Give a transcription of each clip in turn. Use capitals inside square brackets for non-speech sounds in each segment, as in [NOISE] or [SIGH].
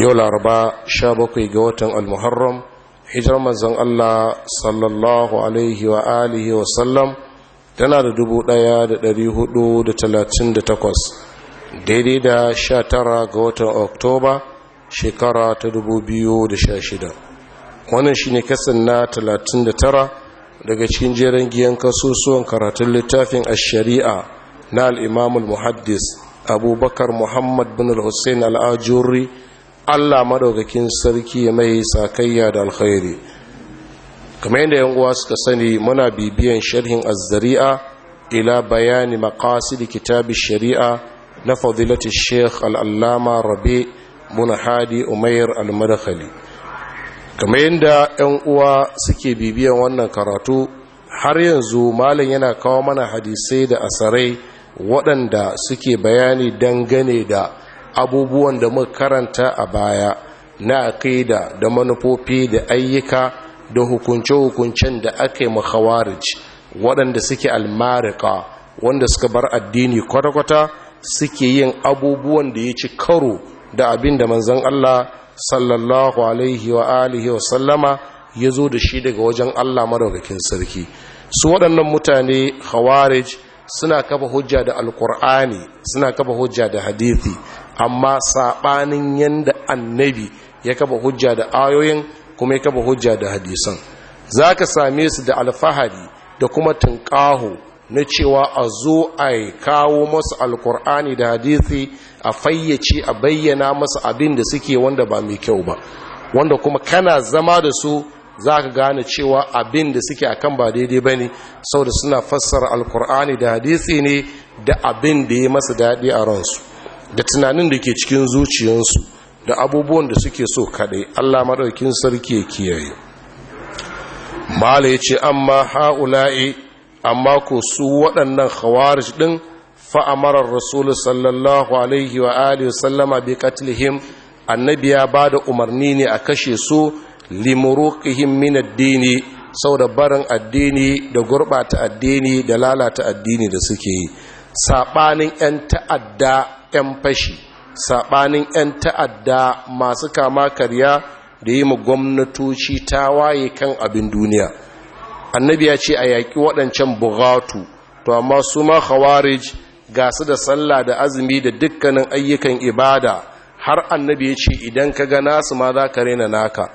yau laraba sha bakwai ga watan al-muharram hijar manzon Allah sallallahu alaihi wa alihi wa sallam tana da talatin da takwas, daidai da sha tara ga watan oktoba shekara ta dubu biyu da sha shida. wannan shine kasan na talatin da tara daga cikin jerin giyan kasusuwan karatun littafin ashari'a sharia na al'imamul muhaddis abubakar muhammad bin al-hussein al-ajuri Allah madaukakin sarki mai sakayya da alkhairi kamar yadda yan uwa suka sani muna bibiyan sharhin az-zari'a ila bayani maqasid kitab shari'a na fadilati sheikh al-allama rabi bin hadi umair al-madkhali kamar yadda yan uwa suke bibiyan wannan karatu har yanzu malam yana kawo mana hadisai da asarai waɗanda suke bayani dangane da abubuwan da muka karanta a baya na aqida da manufofi da ayyuka da hukunce-hukuncen da aka yi makhawarij waɗanda suke almarika wanda suka bar addini kwata-kwata suke yin abubuwan da ya ci karo da abin da manzan Allah sallallahu alaihi wa alihi wa sallama ya zo da shi daga wajen Allah maraukakin sarki su waɗannan mutane khawarij suna kafa hujja da alkur'ani suna kafa hujja da hadithi amma saɓanin yadda annabi ya kaba hujja da ayoyin kuma ya kaba hujja da hadisan za ka same su da alfahari da kuma tunƙaho na cewa a zo a kawo masu alkur'ani da hadithi a fayyace a bayyana masu abin da suke wanda ba mai kyau ba wanda kuma kana zama da su za ka gane cewa abin da suke akan ba daidai ba ne sau da suna fassara alkur'ani da hadithi ne da abin da ya masa daɗi a ransu da tunanin da ke cikin zuciyansu da abubuwan da suke so kaɗai, Allah maɗaukin sarki ya kiyaye mala yace amma haula'i amma ko su waɗannan khawarij ɗin fa'amarar amara rasul sallallahu alaihi wa alihi sallama bi qatlihim annabi ya ba da umarni ne a kashe su limurukihim min addini sau da barin addini da gurɓata addini da lalata addini da suke yi Saɓanin 'yan ta'adda 'yan fashi saɓanin 'yan ta'adda masu kama karya da yi ma gwamnatoci ta waye kan abin duniya annabi ya ce a yaƙi waɗancan bugatu to amma su ma khawarij ga su da sallah da azumi da dukkanin ayyukan ibada har annabi ya ce idan ka ga nasu ma za ka raina naka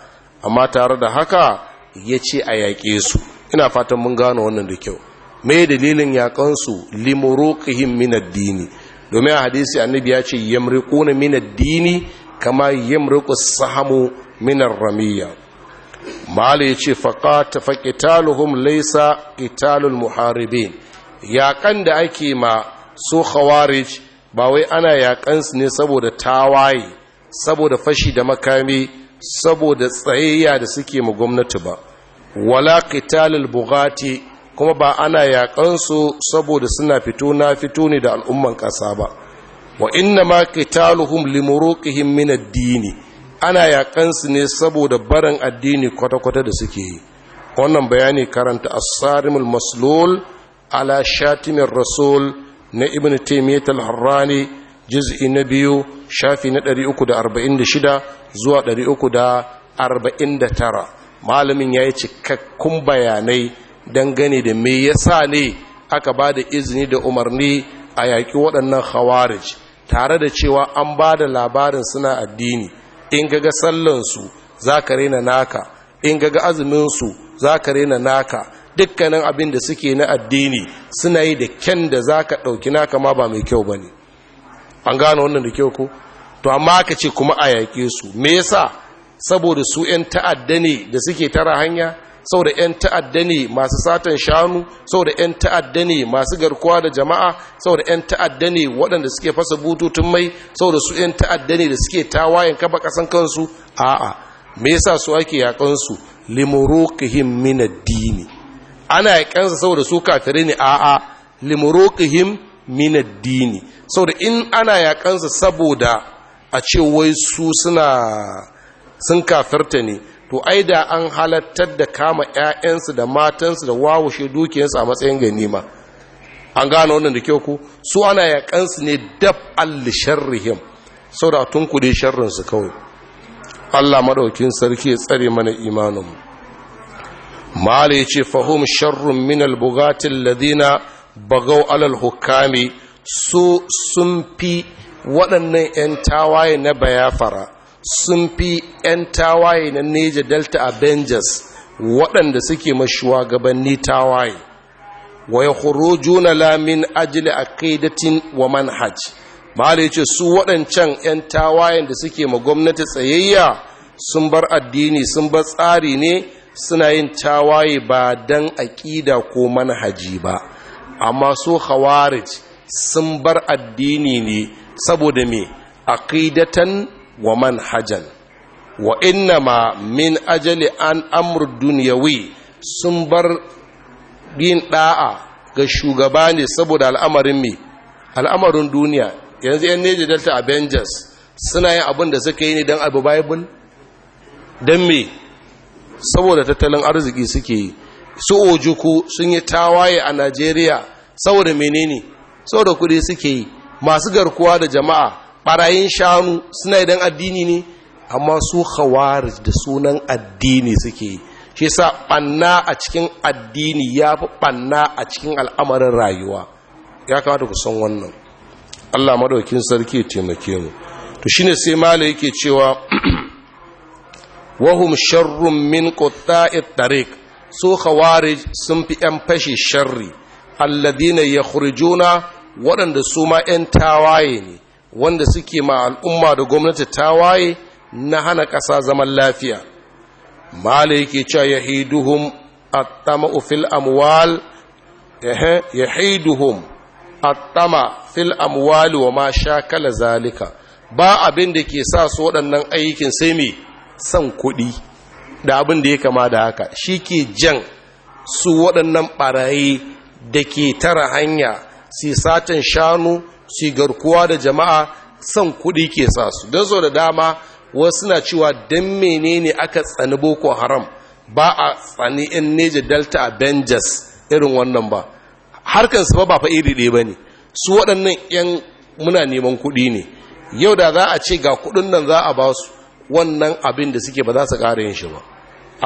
amma tare da haka ya ce a yaƙe su ina fatan mun gano wannan da kyau mai dalilin yaƙansu limuruqihim min addini domin a hadisi annabi ya ce yamriku na ad-dini kama yamriqu as-sahmu min ar-ramiya mala yace faqata faqitaluhum Laisa, ƙitalul muharibin yaƙan da ake ma su khawarij ba wai ana yaƙan su ne saboda tawaye saboda fashi da makami saboda tsayayya da suke ma gwamnati ba wala ƙitalul bugati kuma ba ana yaƙansu saboda suna fito na fito ne da al'umman ƙasa ba wa inna ma qitaluhum limuruqihim min ad-din ana yaƙansu ne saboda barin addini kwata-kwata da suke yi wannan bayani karanta as-sarimul maslul ala shatimin rasul na ibn taymiyyah al-harrani juz'i na biyu shafi na 346 zuwa 349 malamin yayi cikakkun bayanai dangane da me yasa ne aka ba da izini da umarni a yaƙi waɗannan khawarij tare da cewa an ba da labarin suna addini in gaga sallansu za ka rena naka in gaga azuminsu za ka rena naka dukkanin abin da suke na addini suna yi da kyan da za ka ɗauki naka ma ba mai kyau ba ne an gano wannan da kyau ko to amma ka ce kuma a yaƙe su me yasa saboda su 'yan ta'adda ne da suke tara hanya da 'yan ta'adda ne masu satan shanu saboda 'yan ta'adda ne masu garkuwa da jama'a saboda 'yan ta'adda ne waɗanda suke fasa bututun mai saboda su 'yan ta'adda ne da suke tawayen kaba ƙasan kansu a'a me yasa su ake yaƙansu limurukihim min addini ana yaƙansa saboda su kafirai ne a'a limurukihim min addini saboda in ana yaƙansa saboda a ce wai su suna sun kafirta ne to ai da an halattar da kama 'ya'yansu da matansu da wawushe dukiyarsu a matsayin ganima an gano wannan da kyau ku su ana yaƙansu ne dab alli sharrihim sau da tun kuɗe sharrinsu kawai allah maɗaukin sarki ya tsare mana imaninmu mala ya ce fahim sharrun min ladina bagau alal hukami su sun fi waɗannan 'yan tawaye na bayafara sun fi 'yan tawaye na neja delta avengers waɗanda suke mashuwa gabanni tawaye wa ya juna lamin ajili a kaidatin wa manhaj mahala ce su waɗancan 'yan tawayen da suke ma gwamnati tsayayya sun bar addini sun bar tsari ne suna yin tawaye ba don aƙida ko manhaji ba amma su khawarij sun bar addini ne saboda me aƙidatan wa man manhajan wa ma min ajali an amur duniyawi sun bar yin da'a ga shugaba ne saboda al'amarin mi al'amarin duniya yanzu yan neji delta avengers suna yin abin da suka yi ne don abu bible don me saboda tattalin arziki suke yi su ojuku sun yi tawaye a najeriya saboda menene saboda kudi suke yi masu garkuwa da jama'a barayin shanu suna idan addini ne amma su khawarij da sunan addini suke shi sa banna a cikin addini ya fi banna a cikin al'amarin rayuwa ya kamata ku san wannan Allah madaukin sarki ya taimake mu to shine sai mala yake cewa [CLEARS THROAT] wahum sharrun min qutta'it tariq su khawarij sun fi yan fashe sharri alladina yakhrijuna waɗanda su ma yan tawaye ne wanda suke ma al'umma da gwamnati ta waye na hana ƙasa zaman lafiya mala yake cewa ya a tama fil amwal ya a tama fil amwal wa ma sha kala zalika ba abin da ke sa su waɗannan aikin sai mai son kuɗi da abin da ya kama da haka shi ke jan su waɗannan ɓarayi da ke tara hanya si satan shanu su garkuwa da jama'a son kuɗi ke sa su don so da dama wasu na cewa don menene aka tsani boko haram ba a tsani in neja delta avengers irin wannan ba harkar su ba ba fa iri ɗaya ba ne su waɗannan 'yan muna neman kuɗi ne yau da za a ce ga kuɗin nan za a ba su wannan abin da suke ba za su ƙara yin shi ba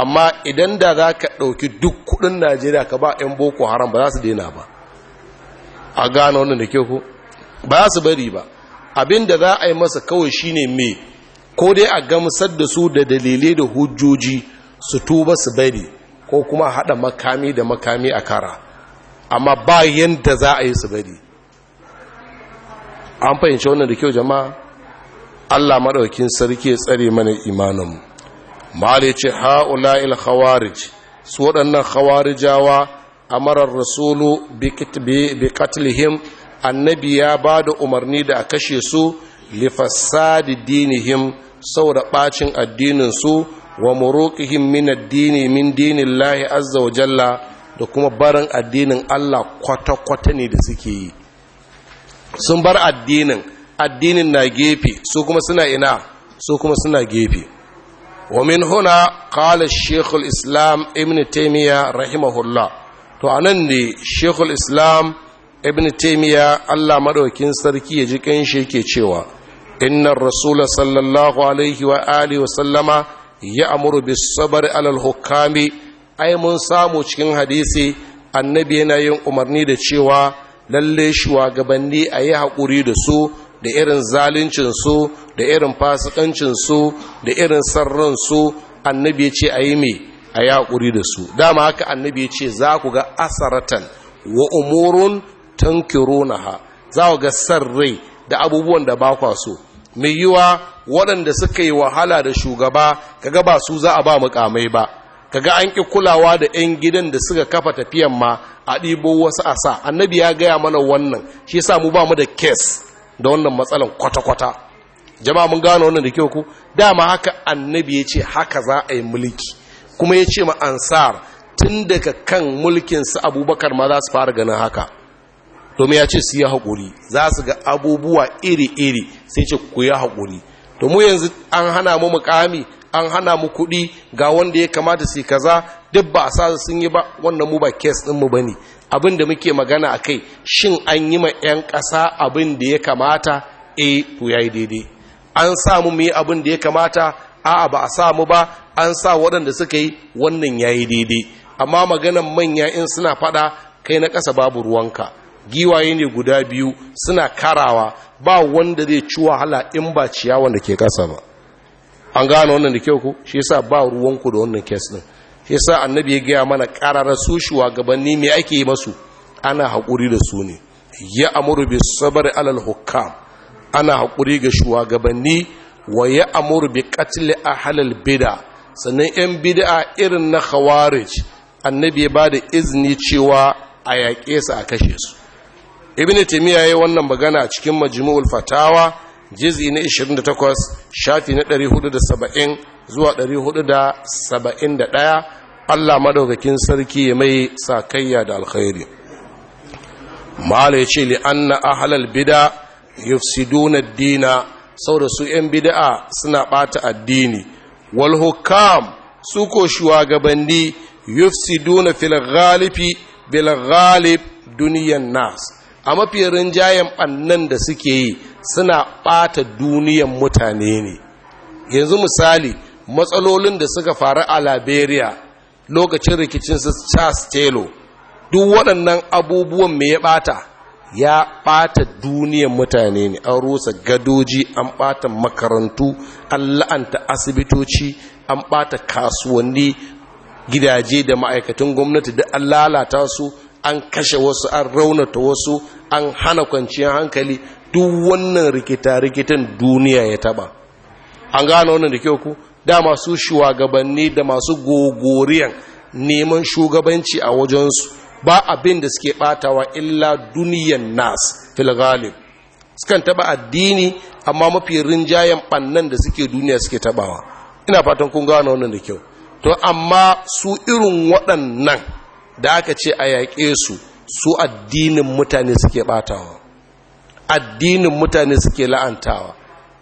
amma idan da za ka ɗauki duk kuɗin najeriya ka ba 'yan boko haram ba za su daina ba a gano wannan da ke ku ba su bari ba abin da za a yi masa kawai shine mai ko dai a gamsar da su da dalilai da hujjoji su tuba su bari ko kuma haɗa makami da makami a kara amma ba yadda za a yi su bari an fahimci wannan da kyau jama'a allah maɗaukin sarki ya tsare mana imaninmu mali ce ha'ula il khawarij su waɗannan khawarijawa marar rasulu bi katlihim annabi ya ba da umarni da a kashe su lifassadi dinihim saboda ɓacin addininsu wa muruqihim min addini min dinillahi azza wa jalla da kuma barin addinin Allah kwata-kwata ne da suke yi sun bar addinin addinin na gefe su kuma suna ina su kuma suna gefe wa min huna qala shekul islam ibn taymiya rahimahullah to anan ne shekul islam ibn taimiyya allah maɗaukin sarki ya ji ƙanshi yake cewa innan rasula sallallahu alaihi wa alihi wa sallama ya amuru bi sabar alal hukami ai mun samu cikin hadisi annabi yana yin umarni da cewa lalle shugabanni a yi haƙuri da su da irin zaluncinsu da irin fasikancinsu da irin sarransu annabi ya ce a yi mai a yi haƙuri da su dama haka annabi ya ce za ku ga asaratan wa umurun tankirunaha za ku ga rai da abubuwan da ba kwa so mai yiwa waɗanda suka yi wahala da shugaba kaga ba su za a ba mukamai ba kaga an ƙi kulawa da 'yan gidan da suka kafa tafiyan ma a ɗibo wasu sa annabi ya gaya mana wannan shi sa mu ba mu da kes da wannan matsalan kwata-kwata jama'a mun gano wannan da kyau ku dama haka annabi ya ce haka za a yi mulki kuma ya ce ma ansar tun daga kan mulkinsu abubakar ma za su fara ganin haka domin ya ce su yi haƙuri za su ga abubuwa iri-iri sai ce ku yi haƙuri domin yanzu an hana mu mukami an hana mu kuɗi ga wanda ya kamata su kaza duk ba a sa sun yi ba wannan mu ba kes ɗin mu ne. abin da muke magana a kai shin an yi ma 'yan ƙasa abin da ya kamata e to ya yi daidai an sa mu yi abin da ya kamata a'a ba a sa mu ba an sa waɗanda suka yi wannan ya yi daidai amma maganan manya in suna faɗa kai na ƙasa babu ruwanka giwaye ne guda biyu suna karawa ba wanda zai ci wahala in ba ciyawan da ke kasa ba an gano wannan da kyau ku shi yasa ba ruwanku da wannan kes din shi yasa annabi ya gaya mana karara su shugabanni me ake yi masu ana haƙuri da su ne ya amuru bi sabar alal hukam ana haƙuri ga shugabanni wa ya amuru bi qatl ahlal bid'a sannan yan bid'a irin na khawarij annabi ya bada izini cewa a yaƙe su a kashe su ibn ya yayi wannan magana a cikin majmu'ul fatawa juz'i na 28 shafi na 470 zuwa 471 Allah madaukakin sarki ya mai sakayya da alkhairi mala yace li anna ahlal bid'a yufsiduna ad-dina saboda su yan bid'a suna bata addini wal hukam su ko shugabanni yufsiduna fil ghalibi bil ghalib duniyan nas a mafi rinjayen ɓannan da suke yi suna ɓata duniyan mutane ne yanzu misali matsalolin da suka faru a liberia lokacin rikicin su charles taylor duk waɗannan abubuwan me ya ɓata ya ɓata duniyan mutane ne an rusa gadoji an ɓata makarantu an la'anta asibitoci an ɓata kasuwanni gidaje da ma'aikatan gwamnati da an lalata su an kashe wasu an raunata wasu an hana kwanciyar hankali duk wannan rikita-rikitan duniya ya taba an gano wannan da kyau ku da masu shugabanni da masu gogoriyan neman shugabanci a wajensu ba abin da suke batawa illa duniyan nas filgalib sukan taba addini amma mafi rinjayen bannan da suke duniya suke tabawa ina fatan kun gano wannan da kyau to amma su irin waɗannan da aka ce a yaƙe su su addinin mutane suke ɓatawa addinin mutane suke la'antawa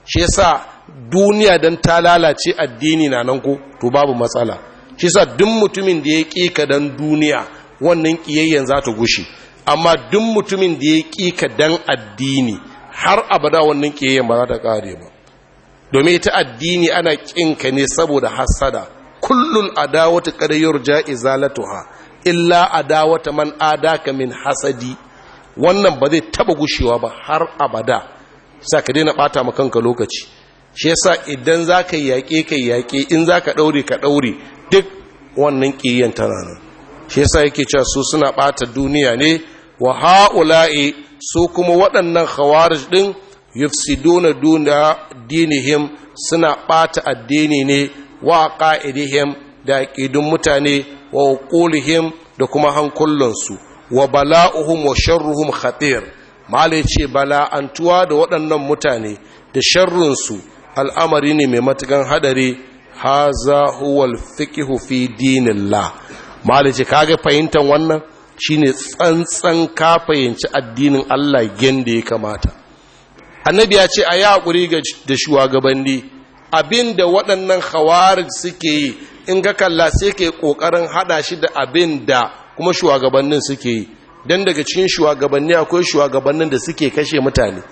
shi yasa duniya don ta lalace addini na nan ko to babu matsala shi yasa duk mutumin da ya ƙi ka don duniya wannan ƙiyayyen za ta gushe amma duk mutumin da ya ƙi ka don addini har abada wannan ƙiyayyen ba za ta ƙare ba domin ita addini ana ƙinka ne saboda hassada kullum kullun adawatu qad yurja izalatuha illa adawata man adaka min hasadi wannan ba zai taba gushewa ba har abada sa ka daina bata ma kanka lokaci shi yasa idan zaka yaƙe kai yaƙe in zaka daure ka daure duk wannan kiyayen tana nan shi yasa yake cewa su suna bata duniya ne wa haula'i su kuma waɗannan khawarij din yufsiduna duna dinihim suna bata addini ne wa qa'idihim da aqidun mutane wa ƙulihim da kuma hankulansu wa bala'uhum wa sharruhum khatir malai ce bala'antuwa da waɗannan mutane da sharrunsu al'amari ne mai matukan hadari haza huwal fiqhu fi dinillah malai ce kage fahimtar wannan shine tsantsan ka fahimci addinin Allah yanda ya kamata annabi ya ce a yi haƙuri da shugabanni abinda waɗannan khawarij suke yi in ga kalla sai ke kokarin hada shi da abin da kuma shugabannin suke yi dan daga cikin shugabanni akwai shugabannin da suke kashe mutane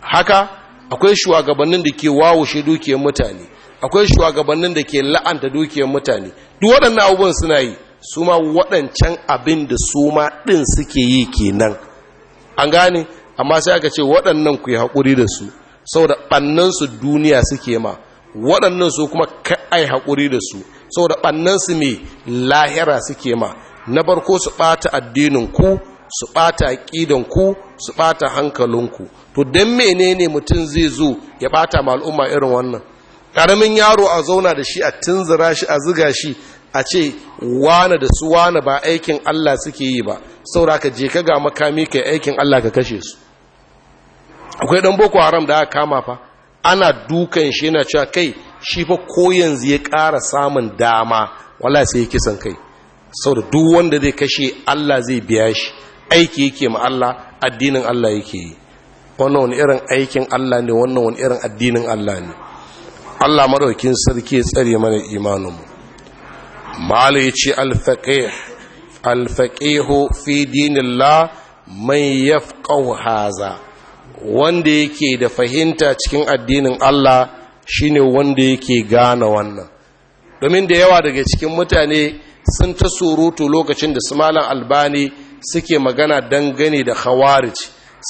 haka akwai shugabannin da ke wawushe dukiyar mutane akwai shugabannin da ke la'anta dukiyar mutane duk waɗannan abubuwan suna yi su ma waɗancan abin da su ma ɗin suke yi kenan an gane amma sai aka ce waɗannan ku yi haƙuri da su saboda ɓannansu duniya suke ma waɗannan su kuma ka'ai haƙuri da su saboda ɓannansu mai lahira suke ma na barko su ɓata addinin ku su ɓata aƙidan ku su ɓata hankalinku to don menene mutum zai zo ya ɓata ma al'umma irin wannan ƙaramin yaro a zauna da shi a tunzura shi a ziga shi a ce wane da su wane ba aikin Allah suke yi ba saura ka je ka ga makami ka aikin Allah ka kashe su akwai ɗan boko haram da aka kama fa ana dukan shi na cewa kai shi fa ko yanzu ya ƙara samun dama wala sai ya kisan kai sau da duk wanda zai kashe Allah zai biya shi aiki yake ma Allah addinin Allah yake yi wannan wani irin aikin Allah ne wannan wani irin addinin Allah ne Allah maraukin sarki ya tsare mana imaninmu mala ya ce alfaƙihu fi dinillah mai yafƙau haza wanda yake da fahimta cikin addinin Allah Shi ne wanda yake gane wannan domin da yawa daga cikin mutane sun ta surutu lokacin da su malam albani suke magana dangane da khawarij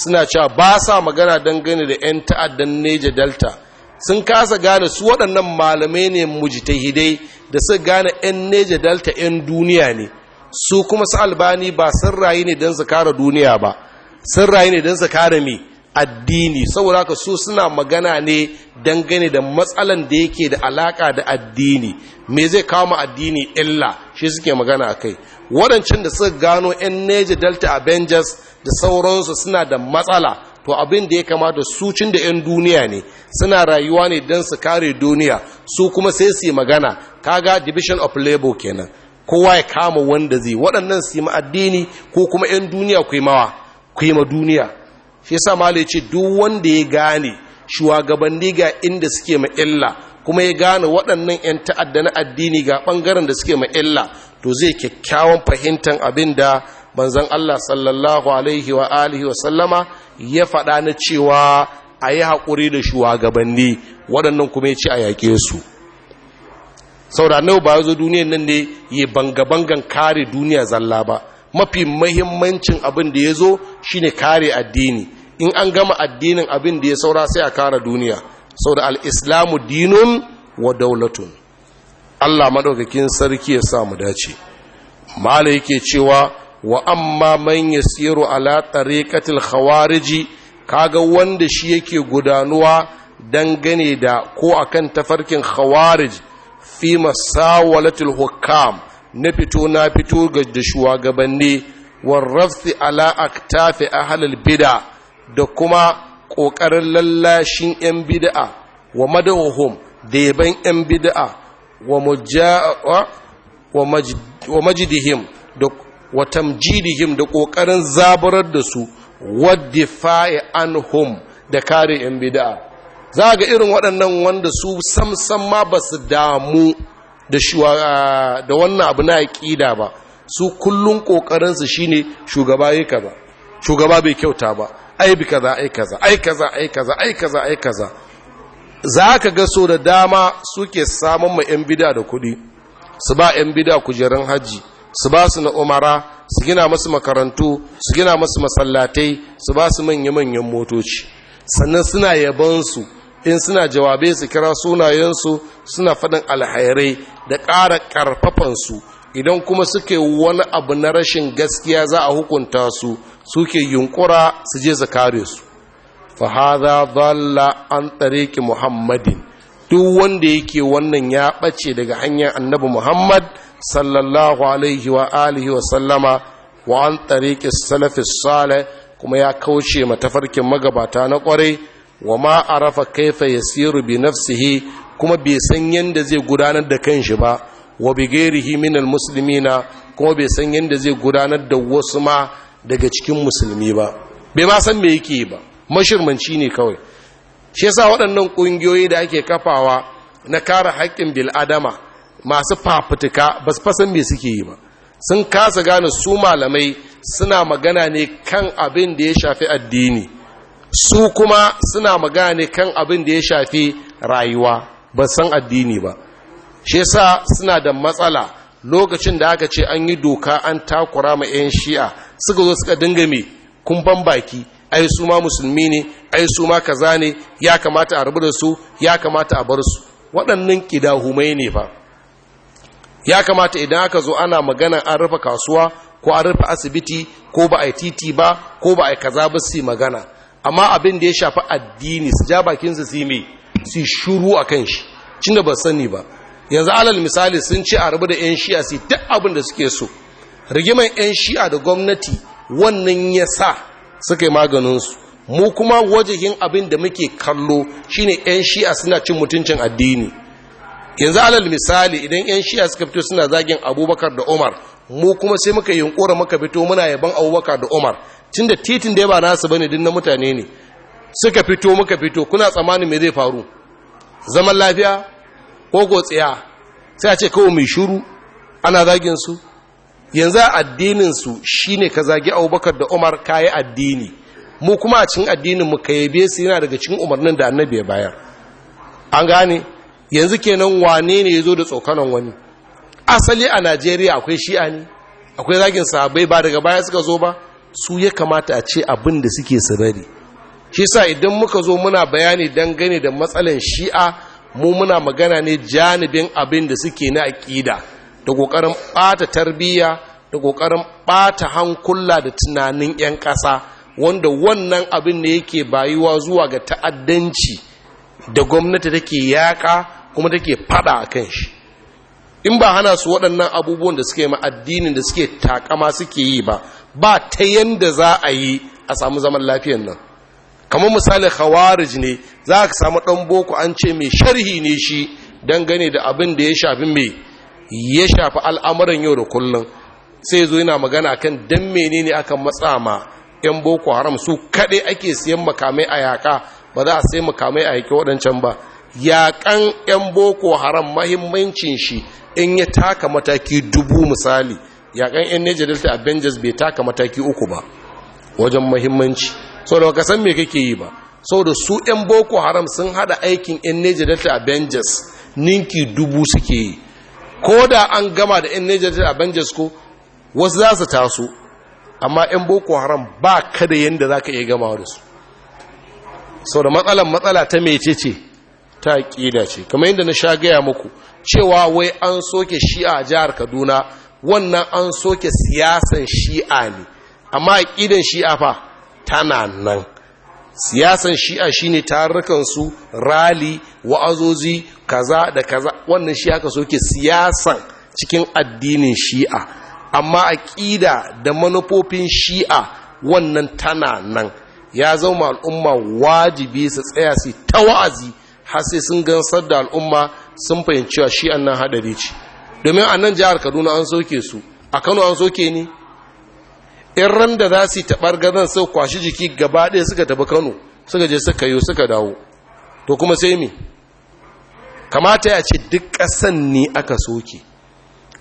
suna cewa ba sa magana dangane da 'yan ta'addan neja delta sun kasa gane su waɗannan malamai ne mujtahidai da su gane 'yan neja delta 'yan duniya ne su kuma su albani ba sun rayu ne don su kare duniya ba sun rayu ne don su kare mi addini saboda ka so suna magana ne dangane da matsalan da yake da alaka da addini me zai kama ma addini illa shi suke magana a kai waɗancan da suka gano 'yan neja delta avengers da sauransu suna da matsala to abin da ya kamata su cin da 'yan duniya ne suna rayuwa ne don su kare duniya su kuma sai su yi magana kaga division of labor kenan kowa ya kama wanda zai waɗannan su yi ma addini ko kuma 'yan duniya ku yi mawa ku yi ma duniya shi yasa malai ce duk wanda ya gane shugabanni ga inda suke ma kuma ya gane waɗannan 'yan ta'adda na addini ga ɓangaren da suke ma to zai kyakkyawan fahimtar abin da manzon Allah sallallahu alaihi wa alihi wa sallama ya faɗa na cewa a yi haƙuri da shugabanni waɗannan kuma ya ce a yaƙe su sau da nau ba ya zo duniya nan ne ya banga-bangan kare duniya zalla ba mafi mahimmancin abin da ya zo shi ne kare addini in an gama addinin abin da ya saura sai a kare duniya sau da al'islamu dinun wa daulatun allah maɗaukakin sarki ya samu dace mala yake cewa wa amma man ya siro ala katil khawariji kaga wanda shi yake gudanuwa dangane da ko a kan tafarkin khawarij fi masawalatul hukam na fito na fito ga da shugabanni warrafsi ala aktafi ahlul bid'a da kuma ƙoƙarin lallashin 'yan bid'a wa madawahum da 'yan bid'a wa majidihim da wa tamjidihim da ƙoƙarin zaburar da su wadda fa'i anhum da kare ‘yan bida'a za ga irin waɗannan wanda su sam ma ba su damu da wannan abu na aƙida ba su kullum ƙoƙarinsu shi ne shugaba ya kaza shugaba bai kyauta ba ai bi kaza ai kaza ai kaza ai kaza ai kaza ai kaza za ka ga so da dama suke samun ma 'yan bida da kuɗi su ba 'yan bida kujerun hajji su ba su na umara su gina masu makarantu su gina masu masallatai su ba su manya-manyan motoci sannan suna yabansu in suna jawabe su kira sunayensu suna faɗin alhairai da ƙara ƙarfafansu idan kuma suke wani abu na rashin gaskiya za a hukunta su suke yunkura su je su kare su fahaza zalla an ki muhammadin duk wanda yake wannan ya ɓace daga hanyar annabi muhammad sallallahu alaihi wa alihi wa sallama wa an ki salafis sale kuma ya kauce matafarkin magabata na ƙwarai wa ma arafa kaifa siru bi nafsihi kuma bai san yadda zai gudanar da kanshi ba wa bi minal musulmi na kuma bai san yadda zai gudanar da wasu ma daga cikin musulmi ba bai ma san me yake ba mashirmanci ne kawai shi yasa waɗannan ƙungiyoyi da ake kafawa na kare haƙƙin bil'adama masu fafutuka ba su fasan me suke yi ba sun kasa gane su malamai suna magana ne kan abin da ya shafi addini su kuma suna magana ne kan abin da ya shafi rayuwa ba san addini ba shi sa suna da matsala lokacin da aka ce an yi doka an takura ma 'yan shi'a suka zo suka dinga mai kumban baki ai su ma musulmi ne ai su ma kaza ne ya kamata a rubu da su ya kamata a bar su waɗannan ƙidahumai ne fa ya kamata idan aka zo ana magana an rufe kasuwa ko an rufe asibiti ko ba a titi ba ko ba a kaza ba su magana amma abin da ya shafi addini su ja bakinsu su yi mai su shuru a kan shi cin da ba sani ba yanzu alal misali sun ce a rabu da 'yan shi'a su duk abin da suke so rigimar 'yan shi'a da gwamnati wannan ya sa suka yi maganinsu mu kuma wajen abin da muke kallo shi ne 'yan shi'a suna cin mutuncin addini yanzu alal misali idan 'yan shi'a suka fito suna zagin abubakar da umar mu kuma sai muka yunkura muka fito muna yaban abubakar da umar tun da titin da ya ba nasu bane din na mutane ne suka fito muka fito kuna tsammanin me zai faru zaman lafiya ko ko tsaya sai a ce kawai mai shuru ana zaginsu? yanzu addininsu shi shine ka zagi Abubakar da Umar kayi addini mu kuma a cikin addinin mu ka yabe su yana daga cikin umarnin da Annabi ya bayar an gane yanzu kenan wane ne ya zo da tsokanan wani asali a Najeriya akwai shi'a ne akwai zagin sahabbai ba daga baya suka zo ba su ya kamata a ce abin da suke sanari, shi sa idan muka zo muna bayani dangane da matsalan shi'a mu muna magana ne janibin abin da suke na aƙida da ƙoƙarin ɓata tarbiyya da ƙoƙarin ɓata hankula da tunanin 'yan ƙasa wanda wannan abin ne yake bayuwa zuwa ga ta'addanci da gwamnati take yaƙa kuma take fada a kan shi in ba hana su waɗannan abubuwan da suke ma addinin da suke takama suke yi ba ba ta yanda za a yi a samu zaman lafiyan nan kamar misali khawarij ne za ka samu ɗan boko an ce mai sharhi ne shi don gane da abin da ya shafi mai ya shafi al'amuran yau da kullum sai zo yana magana kan dan menene aka matsa ma yan boko haram su kaɗai ake siyan makamai a yaƙa ba za a sai makamai a yaƙi waɗancan ba yaƙan yan boko haram mahimmancin shi in ya taka mataki dubu misali yakan yan Niger Delta Avengers bai taka mataki uku ba wajen muhimmanci so da ka san me kake yi ba so da su yan Boko Haram sun hada aikin yan Niger Delta Avengers ninki dubu suke yi ko da an gama da yan Niger Delta Avengers ko wasu za su taso amma yan Boko Haram ba ka kada yanda ka iya gama da su sau da matsalan matsala ta mece ce ta ƙida ce kamar yadda na sha gaya muku cewa wai an soke shi a jihar kaduna wannan an soke siyasan shi'a ne amma aƙidan shi'a fa tana nan siyasan shi'a shine su rali wa'azozi kaza da kaza wannan shi'a ka soke siyasan cikin addinin shi'a amma aƙida da manufofin shi'a wannan tana nan ya zama al'umma wajibi su tsaya su ta wa'azi har sai sun gansar da al'umma sun fahimci cewa shi'an nan hadari ce domin a nan jihar kaduna an soke su a kano an soke ni in ran da za su taɓar gazan sau kwashi jiki gaba ɗaya suka tafi kano suka je suka yi suka dawo to kuma sai me kamata ya ce duk ƙasan ne aka soke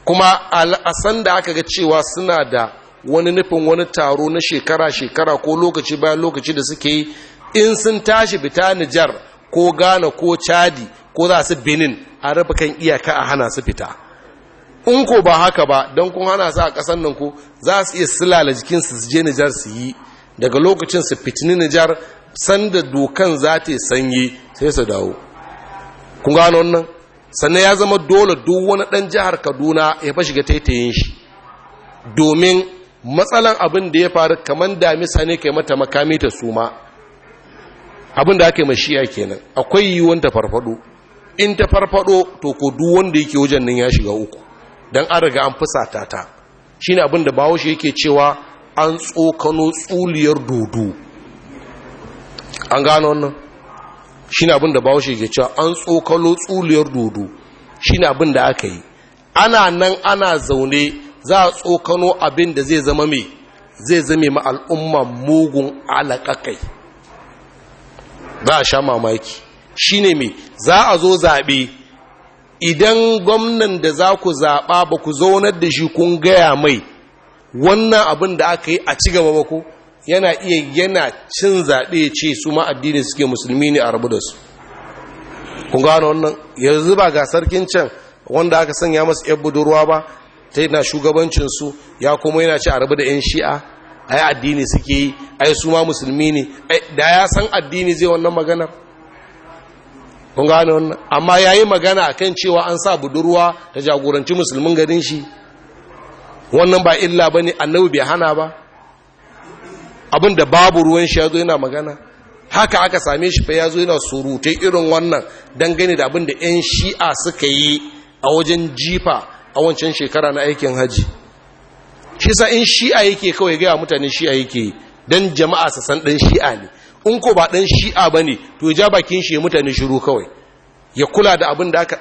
kuma al'asan da aka ga cewa suna da wani nufin wani taro na shekara-shekara ko lokaci bayan lokaci da suke yi in sun tashi fita nijar ko ghana ko chadi ko za su benin a raba kan iyaka a hana su fita in ko ba haka ba don kun hana sa a kasan nan ku za su iya silala jikin su je nijar su yi daga lokacin su fitini nijar sanda dokan za ta sanyi sai su dawo kun gano wannan sannan ya zama dole duk wani ɗan jihar kaduna ya fashi shiga taitayin shi domin matsalan abin da ya faru kamar damisa ne kai mata makami ta suma abin da aka yi mashiya kenan akwai yiwuwan ta farfado in ta farfado to ko duk wanda yake wajen nan ya shiga uku don an riga an fusata ta shi ne abinda bawo shi yake cewa an tsokano tsuliyar dodo an gano wannan shi ne abinda bawo shi yake cewa an tsokano tsuliyar dodo shi ne abinda aka yi ana nan ana zaune za a tsokano abin da zai zama mai zai zame ma al'umma mugun alaƙaƙai za a sha mamaki shi ne mai za a zo zaɓe idan gwamnan da za ku zaɓa ba ku zaunar da shi kun gaya mai wannan abin da aka yi a ci gaba ba ku yana iya yana cin zaɓe ce su ma suke musulmi ne a rabu da su kun gano wannan yanzu ba ga sarkin can wanda aka sanya masu yan budurwa ba ta yana shugabancinsu ya kuma yana ci a rabu da yan shi'a a yi addini suke yi a yi su ma musulmi ne da ya san addini zai wannan maganar kun gano wannan amma yayi magana akan cewa an sa budurwa ta jagoranci musulmin garin shi wannan ba illa bane annabi bai hana ba abinda babu ruwan shi yazo yana magana haka aka same shi fa yazo yana surutai irin wannan dangane da abin da yan shi'a suka yi a wajen jifa a wancan shekara na aikin haji shi in shi'a yake kawai ga mutane shi'a yake dan jama'a su san dan shi'a ne in ko ba ɗan shi'a ba ne to ya ja bakin shi ya mutane shiru kawai ya kula da abin da aka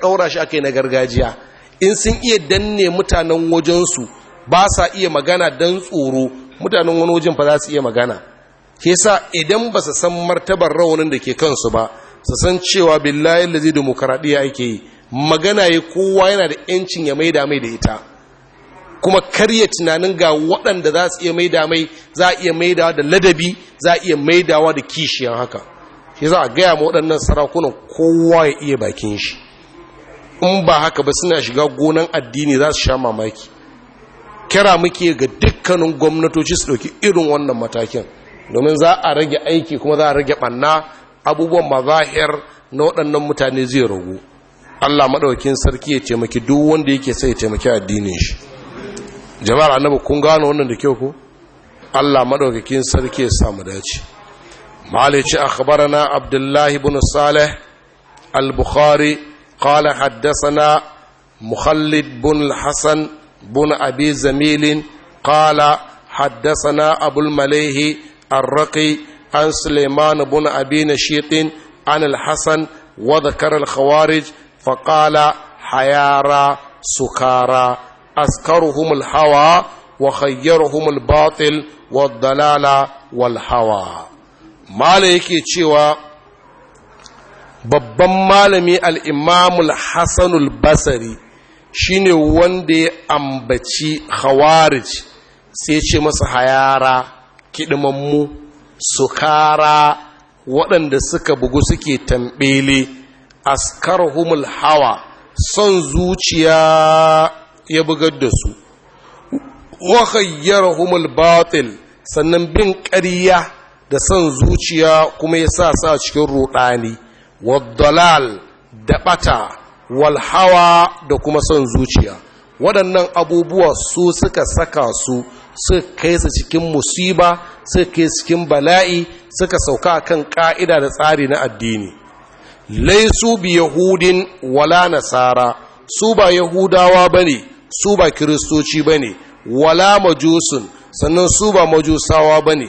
ɗaura shi aka na gargajiya in sun iya danne mutanen wajensu ba sa iya magana don tsoro mutanen wani wajen fa za su iya magana ke sa idan ba su san martabar raunin da ke kansu ba su san cewa billahi lazi demokaradiyya ake yi magana ya kowa yana da 'yancin ya maida mai da ita kuma karya tunanin ga waɗanda za su iya maida mai za a iya maidawa da ladabi za a iya maidawa da kishiyan haka shi za a gaya ma waɗannan sarakunan kowa ya iya bakin shi in ba haka ba suna shiga gonan addini za su sha mamaki kira muke ga dukkanin gwamnatoci su ɗauki irin wannan matakin domin za a rage aiki kuma za a rage ɓanna abubuwan mazahir na waɗannan mutane zai ragu allah maɗaukin sarki ya taimaki duk wanda yake sai ya taimaki addinin shi jama'ar annabi kun gano wannan da kyau ko Allah madaukakin sarki ya samu dace malici akhbarana abdullahi ibn salih al-bukhari qala haddathana mukhallid bin hasan bin abi zamil qala haddathana abul malehi ar-raqi an sulaiman bin abi nashiq an al-hasan wa dhakara al-khawarij فقال hayara sukara askaruhum hawa wa khayyaruhum batil wa dalala wal hawa yake cewa babban malami al'imamul hassanul basari shine wanda ya ambaci khawarij sai ce masa hayara kidimammu sukara waɗanda suka bugu suke tambele humul hawa son zuciya ya bugar da su wa humul batil sannan bin ƙarya da son zuciya kuma ya sa sa cikin ruɗani waddalal da ɓata walhawa da kuma son zuciya waɗannan abubuwa su suka saka su su kai su cikin musiba su kai su cikin bala'i suka sauka kan ƙa'ida da tsari na addini laisu bi yahudin wala nasara su ba yahudawa ba ne su ba kiristoci ba ne wala majusun sannan su ba majusawa ba ne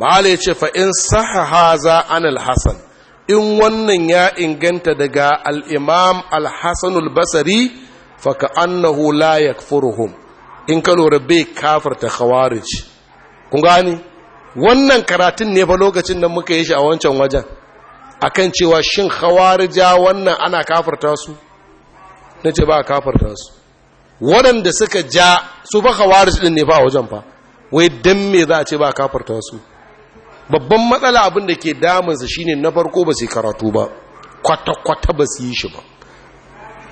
ma'ala ya ce fa'in saha haza an alhassan in wannan ya inganta daga al'imam alhassanul basari faka annahu la furuhun in ka lura bai kafarta khawarij kun gani wannan karatun ne fa lokacin da muka yi shi a wancan wajen akan cewa shin khawarija wannan ana kafarta su Na ce ba kafarta su waɗanda suka ja su fa khawarij din ne fa a wajen fa wai dan me za a ce ba kafarta su babban matsala abin da ke damunsa shine na farko ba su karatu ba kwata-kwata ba su yi shi ba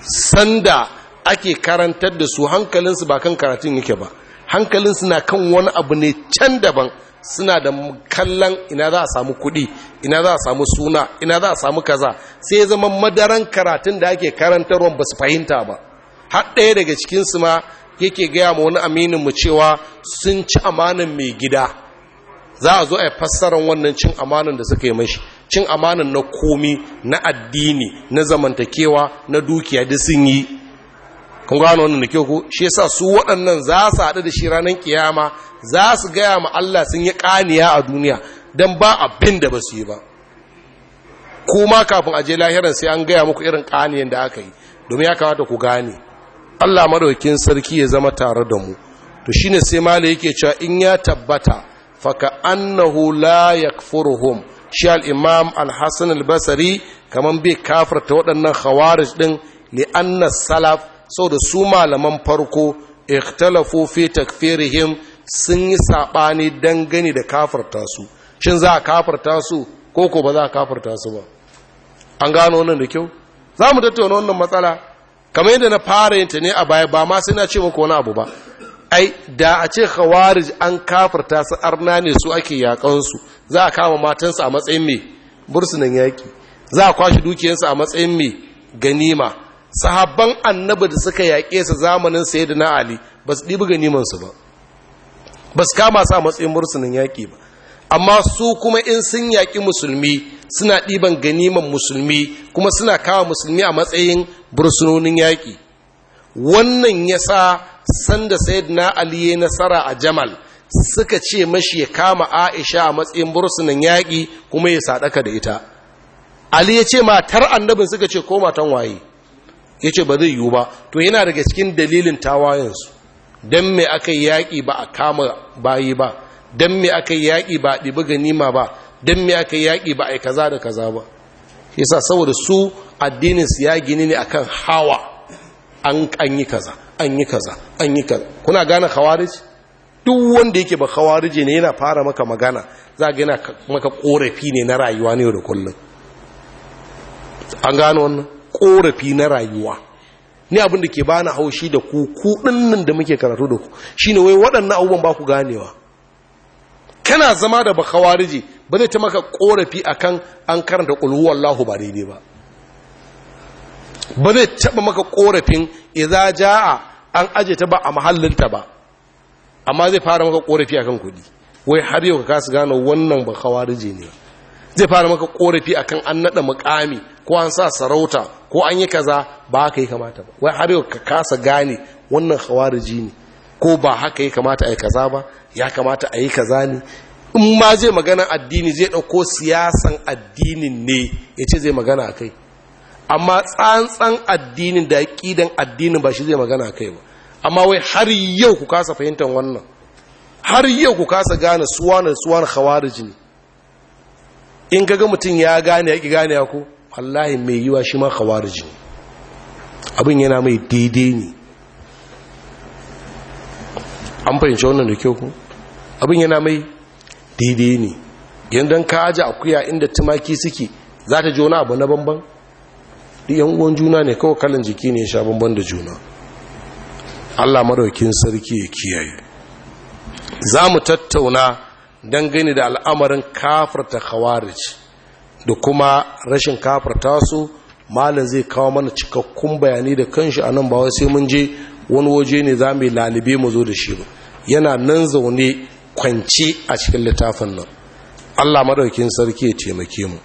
sanda ake karantar da su hankalinsu ba kan karatun yake ba hankalinsu na kan wani abu ne can daban suna da kallon ina za a samu kuɗi ina za a samu suna ina za a samu kaza sai zama madaran karatun da ake karantarwa ba su fahimta ba har ɗaya daga cikinsu ma yake gaya ma wani aminin mu cewa sun ci amanan mai gida za a zo a yi fassarar wannan cin amanan da suka yi mashi cin amanan na komi na addini na zamantakewa na dukiya da sun yi kun gano wannan da kyau ko shi yasa su waɗannan za su haɗu da shi ranar kiyama za su gaya ma Allah sun yi ƙaniya a duniya don ba abin da ba su yi ba kuma kafin a aje lahiran sai an gaya muku irin ƙaniyan da aka yi domin ya kamata ku gane Allah madaukin sarki ya zama tare da mu to shine sai malai yake cewa in ya tabbata faka annahu la yakfuruhum shi al-imam al-hasan al-basri kaman bai kafirta waɗannan khawarij din li anna salaf saboda su malaman farko ikhtalafu fi takfirihim sun yi saɓani dangane da kafirta su shin za a su ko ba za a su ba an gano wannan da kyau za mu tattauna wannan matsala kamar yadda na fara yin ta ne a baya ba ma sai na ce muku wani abu ba ai da a ce khawarij an kafarta su arna ne su ake yakansu za a kama matansu a matsayin me bursunan yaki za a kwashi dukiyarsu a matsayin mai ganima sahabban annabi da suka yaƙe su zamanin sayyidina ali ba su ɗibi ganimansu ba ba su kama su a matsayin bursunan yaki ba amma su kuma in sun yaƙi musulmi suna ɗiban ganiman musulmi kuma suna kawo musulmi a matsayin bursunonin yaƙi wannan ya sa sanda na ali ya nasara a jamal suka ce mashi ya kama aisha a matsayin bursunan yaƙi kuma ya sadaka da ita ali ya ce matar annabin suka ce ko matan waye ya ce ba zai yiwu ba to yana daga cikin dalilin tawayensu don me aka yi yaƙi ba a kama bayi ba don me aka yi yaƙi ba a ɗibi ganima ba don me aka yi yaƙi ba a yi kaza da kaza ba yasa saboda su addinin su ya gini ne akan hawa an yi kaza an yi kaza an yi kaza kuna gane khawarij duk wanda yake ba khawarije ne yana fara maka magana za ga yana maka korafi ne na rayuwa ne da kullum an gano wannan korafi na rayuwa ni abin da ke bani haushi da ku ku dinnan da muke karatu da ku shine wai waɗannan abubuwan ba ku ganewa kana zama da bakawariji ba zai ta maka korafi akan an karanta kulhuwallahu ba daidai ba ba zai taba maka korafin idza jaa an aje ta ba a mahallinta ba amma zai fara maka korafi akan kudi wai har yau ka kasu gane wannan bakawariji ne zai fara maka korafi akan an naɗa mukami ko an sa sarauta ko an yi kaza ba haka yi kamata ba wai har yau ka kasa gane wannan kawariji ne ko ba haka yi kamata a yi kaza ba ya kamata a yi kaza ne in ma zai magana addini zai ɗauko siyasan addinin ne ya ce zai magana a kai amma tsantsan addinin da ƙidan addinin ba shi zai magana a kai ba amma wai har yau ku kasa fahimtar wannan har yau ku kasa gane suwanar suwan khawarij ne in gaga mutum ya gane ya ki gane ya ku wallahi mai yiwa shi ma khawarij ne abin yana mai daidai ne an fahimci wannan da kyau ku abin yana mai daidai ne yadda ka aji akuya inda tumaki suke za ta ji abu na banban ɗiyan uwan juna ne kawai kalan jiki ne sha banban da juna allah maraukin sarki ya kiyaye za mu tattauna don da al'amarin kafarta khawarij da kuma rashin kafarta su malin zai kawo mana cikakkun bayanai da kanshi a nan ba sai mun je wani waje ne za mu yi lalibe mu zo da shi ba yana nan zaune Kwanci a cikin littafin nan Allah madaukin sarki ya taimake mu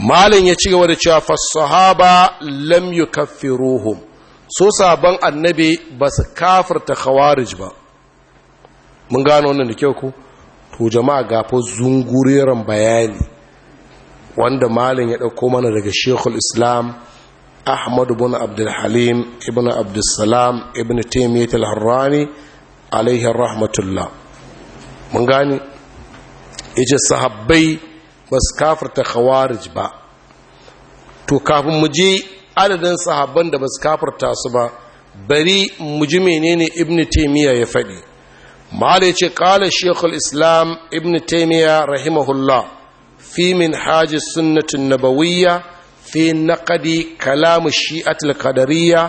malin ya ci gaba da cewa fasahaba lam yukaffiruhum so sabon annabi ba su kafirta khawarij ba mun gano wannan da kyau ku to jama'a ga fa zunguriran bayani wanda malin ya ɗauko mana daga Sheikhul Islam Ahmad ibn Abdul Halim ibn Abdul Salam ibn Taymiyyah al-Harrani alaihi rahmatullah mun gane yace sahabbai ba su kafarta khawarij ba to kafin mu je adadin sahabban da ba su kafarta su ba bari mu ji menene ibn taymiya ya faɗi mala yace qala shaykhul islam ibn taymiya rahimahullah fi min haji sunnatin nabawiyya fi naqdi kalam shi'atul qadariyya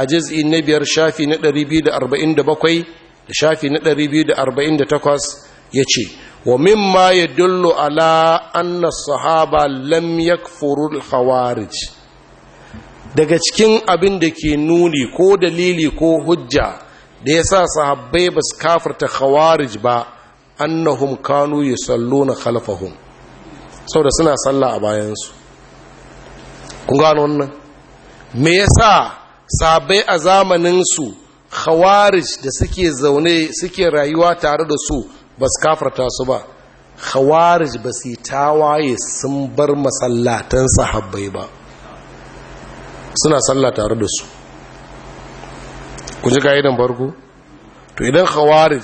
a juz'i na biyar shafi na 247 da shafi na 248 ya ce wa ma ya dullo ala anna sahaba lam yakfuru khawarij daga cikin abin da ke nuni ko dalili ko hujja da ya sa sahabbai ba su kafarta khawarij ba annahum kanu yusalluna khalfahum saboda suna sallah a bayansu kun gano wannan me yasa sahabbai a zamanin su khawarij da suke zaune suke rayuwa tare da su ba su kafarta su ba khawarij ba su tawaye sun bar masallatan sahabbai ba suna sallah tare da su ku ji ka'idan farko to idan khawarij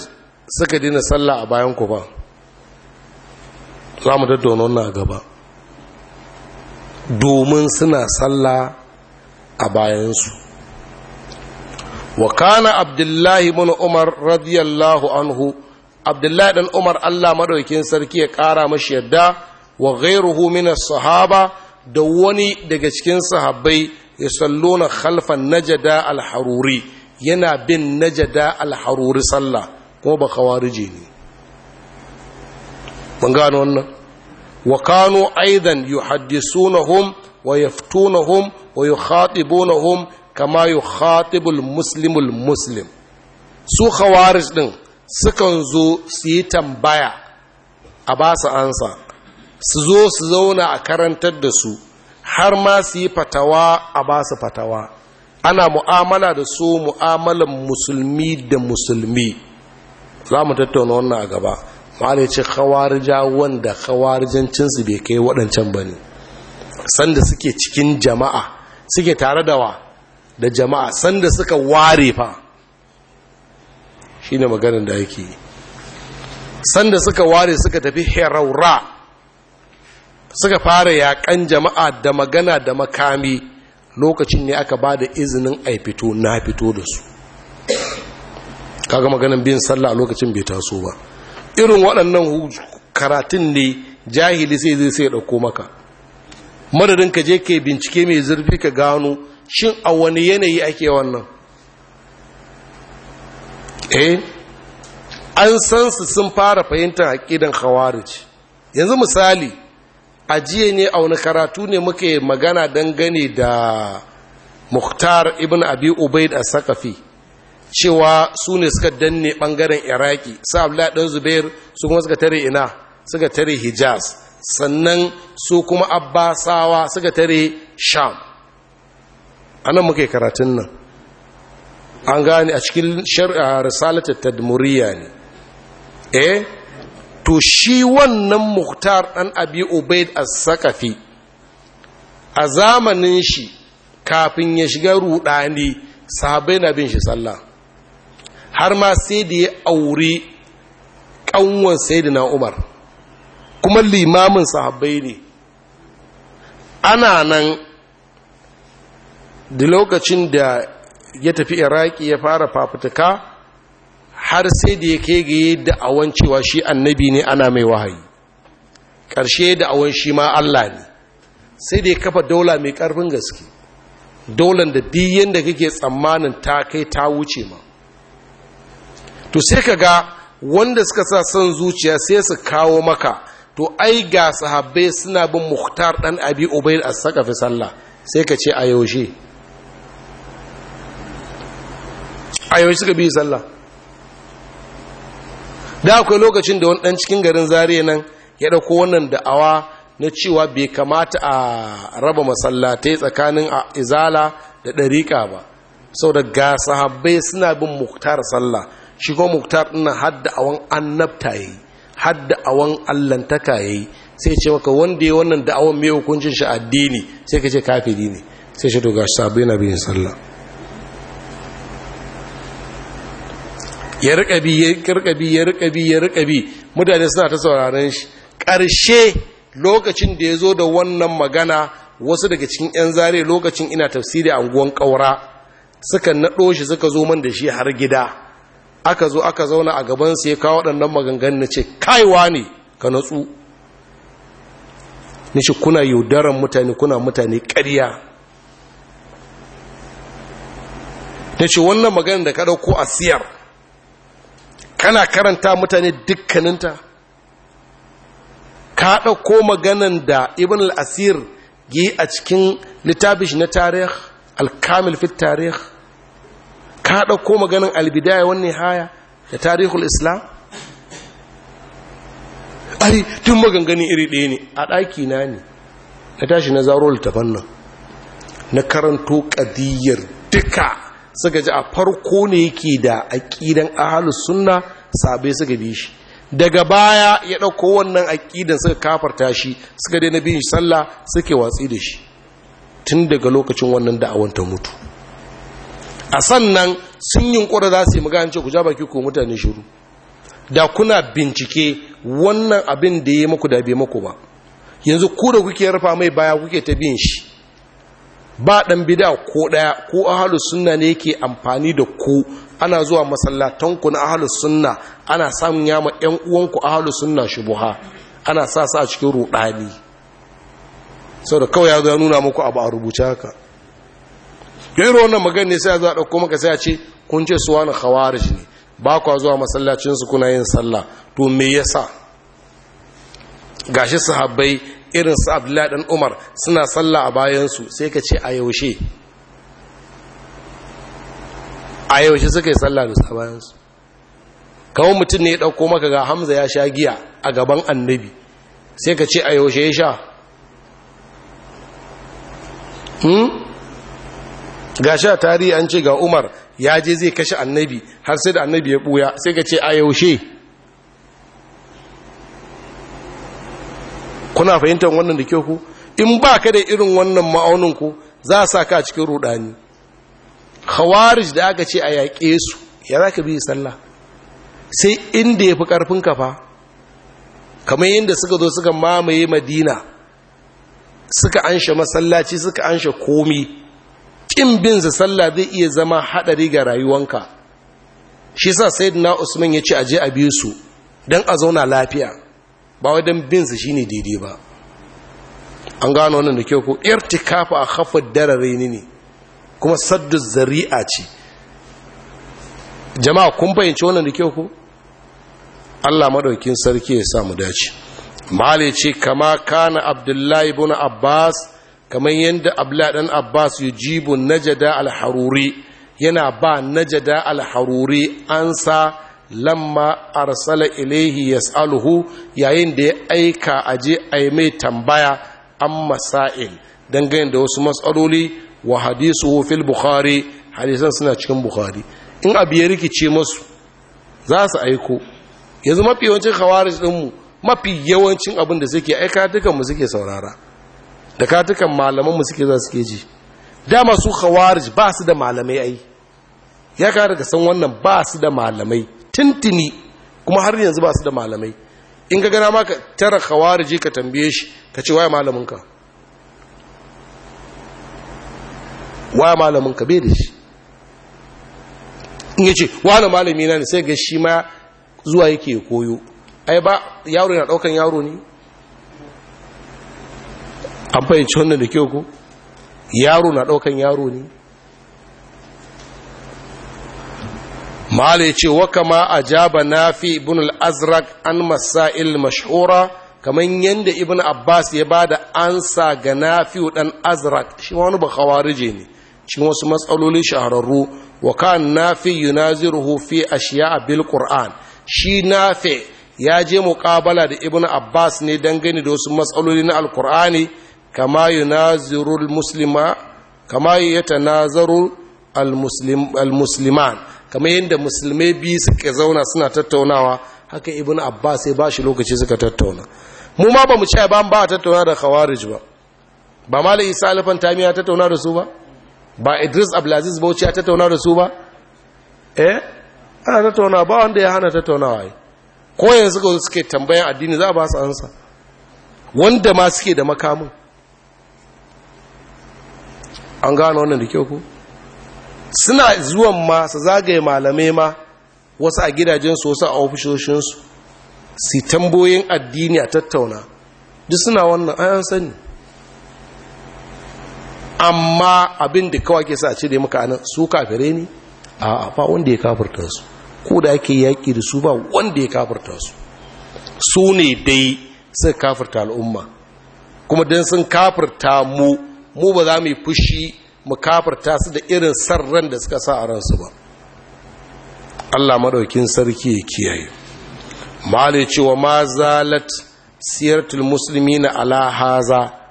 suka dina sallah a bayan ku ba za mu tattauna na gaba domin suna sallah a bayansu wa kana abdullahi bin umar radiyallahu anhu abdullahi dan umar allah madaukin sarki ya ƙara mashi yadda wa ghairuhu min sahaba da wani daga cikin sahabbai ya sallona khalfan najada al-haruri yana bin najada al-haruri sallah kuma ba kawarije ne mun gano wannan wa kanu aidan yuhaddisunahum wa yaftunahum wa yukhatibunahum kama yukhatibul muslimul muslim su khawarij din sukan zo su yi tambaya a ba su ansa su zo su zauna a karantar da su har ma su yi fatawa a ba su fatawa ana mu'amala da su mu'amalan musulmi da musulmi za mu tattauna wannan a gaba ma'ana ce kawarja wanda kawarjancinsu bai kai waɗancan ba ne sanda suke cikin jama'a suke tare da wa da jama'a sanda suka ware fa shine maganar da yake sanda suka ware suka tafi heraura suka fara yakan jama'a da magana da makami lokacin ne aka ba da izinin a fito na fito da su kaga maganin bin sallah a lokacin bai taso ba irin waɗannan karatun ne jahili sai zai sai ɗauko maka madadin ka je ke bincike mai zurfi ka gano shin a wani yanayi ake wannan eh an san su sun fara fahimtar aqidan khawarij yanzu misali a jiya ne a wani karatu ne muke magana dangane da Muktar ibn Abi Ubaid as Sakafi cewa su ne suka danne bangaren Iraki su Abdullah dan Zubair su kuma suka tare ina suka tare Hijaz sannan su kuma Abbasawa suka tare Sham anan muke karatun nan an gane a cikin shari'a risalatar tadmuriya ne eh to shi wannan muhtar ɗan abi ubaid a sakafi a zamanin shi kafin ya shiga rudani sahabbai na bin shi sallah har ma sai da ya aure kanwan sayyidina umar kuma limamin sahabbai ne ana nan da lokacin da ya tafi iraki ya fara fafutuka har sai da ya kai ga yadda awon cewa shi annabi ne ana mai wahayi ƙarshe da awon shi ma Allah ne sai da ya kafa dola mai ƙarfin gaske dolan da biyan da kake tsammanin ta kai ta wuce ma to sai ka ga wanda suka sa son zuciya sai su kawo maka to ai ga sahabbai suna bin muhtar dan abi ubayd as sakafi sallah sai ka ce a yaushe ayoyi suka bi sallah da akwai lokacin da wani dan cikin garin zariya nan ya dauko wannan da'awa na cewa bai kamata a raba masallatai tsakanin izala da ɗariƙa ba sau da ga sahabbai suna bin muktar sallah shi kuma muktar ina hadda awon annabta ya yi hadda awon allantaka ya yi sai ce maka wanda ya wannan da'awan mai hukuncin shi addini sai ka ce kafiri ne sai shi to ga sahabbai na bin sallah ya rika bi ya rika bi ya rika bi ya rika bi mutane suna ta sauraron shi ƙarshe lokacin da ya zo da wannan magana wasu daga cikin 'yan zare lokacin ina tafsiri a unguwan ƙaura suka naɗo shi suka zo man da shi har gida aka zo aka zauna a gabansu ya kawo waɗannan maganganun na ce kaiwa ne ka natsu nishi kuna yaudaran mutane kuna mutane ƙarya ta ce wannan magana da ka ɗauko a siyar kana karanta mutane dukkaninta ka ɗauko maganan da ibn al-asir yi a cikin littafish na tarih al fit tarih ka ɗauko maganan al wani haya da tarihul islam ari tun magangani iri ɗaya ne a ɗaki na ne na tashi na zaro littafan nan na karanto ƙadiyar duka suka ji a farko ne yake da aƙidan ahalus sunna sabai suka bi shi daga baya ya ɗauko wannan aƙidan suka kafarta shi suka daina bin shi sallah suke watsi da shi tun daga lokacin wannan da'awan ta mutu a sannan sun yi ƙura za su yi magana ce ku ja baki ku mutane shiru da kuna bincike wannan abin da ya maku da bai maku ba yanzu ku da kuke rufa mai baya kuke ta bin shi ba ɗan bida ko ɗaya ko ahalu sunna ne yake amfani da ku ana zuwa masallatan ku na ahlus sunna ana samun yama yan uwanku ahlus sunna shubuha ana sa sa a cikin rudani sau da kawai ya zo ya nuna muku abu a rubuce haka gairo wannan magana ne sai ya zo a ɗauko maka sai ya ce kun ce suwa na khawarij ne ba ku zuwa masallacinsu kuna yin sallah to me yasa gashi sahabbai irin su abdullahi dan umar suna sallah a bayansu sai ka ce a yaushe a yaushe suka yi sallah da sabayansu kawo mutum ne ya ɗauko maka ga hamza ya sha giya a gaban annabi sai ka ce a yaushe ya sha hmm? ga sha tarihi an ce ga umar ya je zai kashe annabi har sai da annabi ya ɓuya sai ka ce a yaushe kuna fahimtar wannan da kyau ku in ba ka da irin wannan ma'aunin ku za a sa ka cikin rudani khawarij da aka ce a yaƙe su ya za ka bi sallah sai inda ya fi ƙarfin kafa kamar yadda suka zo suka mamaye madina suka ansha masallaci suka ansha komi ƙin bin su sallah zai iya zama haɗari ga rayuwanka shi sa sayyidina usman ya ce a je a biyu su don a zauna lafiya ba wa don bin su shine daidai ba an gano wannan da kyau ko irtikafa a khafa dararai ne ne kuma saddu zari'a ce jama'a kun fahimci wannan da kyau ku Allah madaukin sarki ya sa mu dace mali ce kama kana abdullahi ibn abbas kamar yadda abdullahi dan abbas yujibu najada al-haruri yana ba najada al-haruri ansa lamma arsala ilaihi yas'aluhu yayin da ya aika aje ai mai tambaya an masail dangane da wasu matsaloli wa hadisuhu fil bukhari hadisan suna cikin bukhari in abu ya rikice masu za su aiko yanzu mafi yawancin khawarij dinmu mafi yawancin abin da suke aika dukan mu suke saurara da katukan malaman mu suke za ke ji dama su khawarij ba su da malamai ai ya ka daga san wannan ba su da malamai tintini kuma har yanzu ba su da malamai in ka gana maka tara khawarij ka tambaye shi ka ce waye malamin ka wa malamin ka bai da shi in yace wani malami na ne sai ga shi ma zuwa yake koyo ai ba yaro yana daukan yaro ne an fahimci wannan da kyau ko yaro na daukan yaro ne mala ce wa kama a na fi ibn al-azraq an masail Mash'ura, kamar yadda ibn abbas ya bada ansa ga fi dan azraq shi wani ba khawarije ne cikin wasu matsaloli shahararru wa kan nafi yunaziruhu fi ashiya bil qur'an shi nafi ya je muqabala da Ibn abbas ne dangane da wasu matsaloli na alqur'ani kama muslima kama yatanazaru al-musliman kamar yadda musulmai biyu suke zauna suna tattaunawa haka ibn abbas sai ba shi lokaci suka tattauna mu ma ba mu ce ba ba a tattauna da khawarij ba ba malai isa alifan tamiya tattauna da su ba ba idris Ablaziz bauchi ya tattauna da su ba eh ana tattauna ba wanda ya hana tattaunawa ai ko yanzu ga suke tambayan addini za a ba su ansa wanda ma suke da makamun an gano wannan da kyau ko suna zuwan ma su zagaye malamai ma wasu a su wasu a ofishoshinsu su tamboyin addini a tattauna duk suna wannan ayan sani amma abin da kawai ke sa a cire maka anan su kafire ne a ba wanda ya kafirta su ko da ake yaƙi da su ba wanda ya kafirta su su ne dai sun kafirta al'umma kuma don sun kafirta mu mu ba za mu yi fushi mu kafirta su da irin sarran da suka sa a ransu ba Allah maɗaukin sarki ya kiyaye mali cewa ma zalat siyartul na ala haza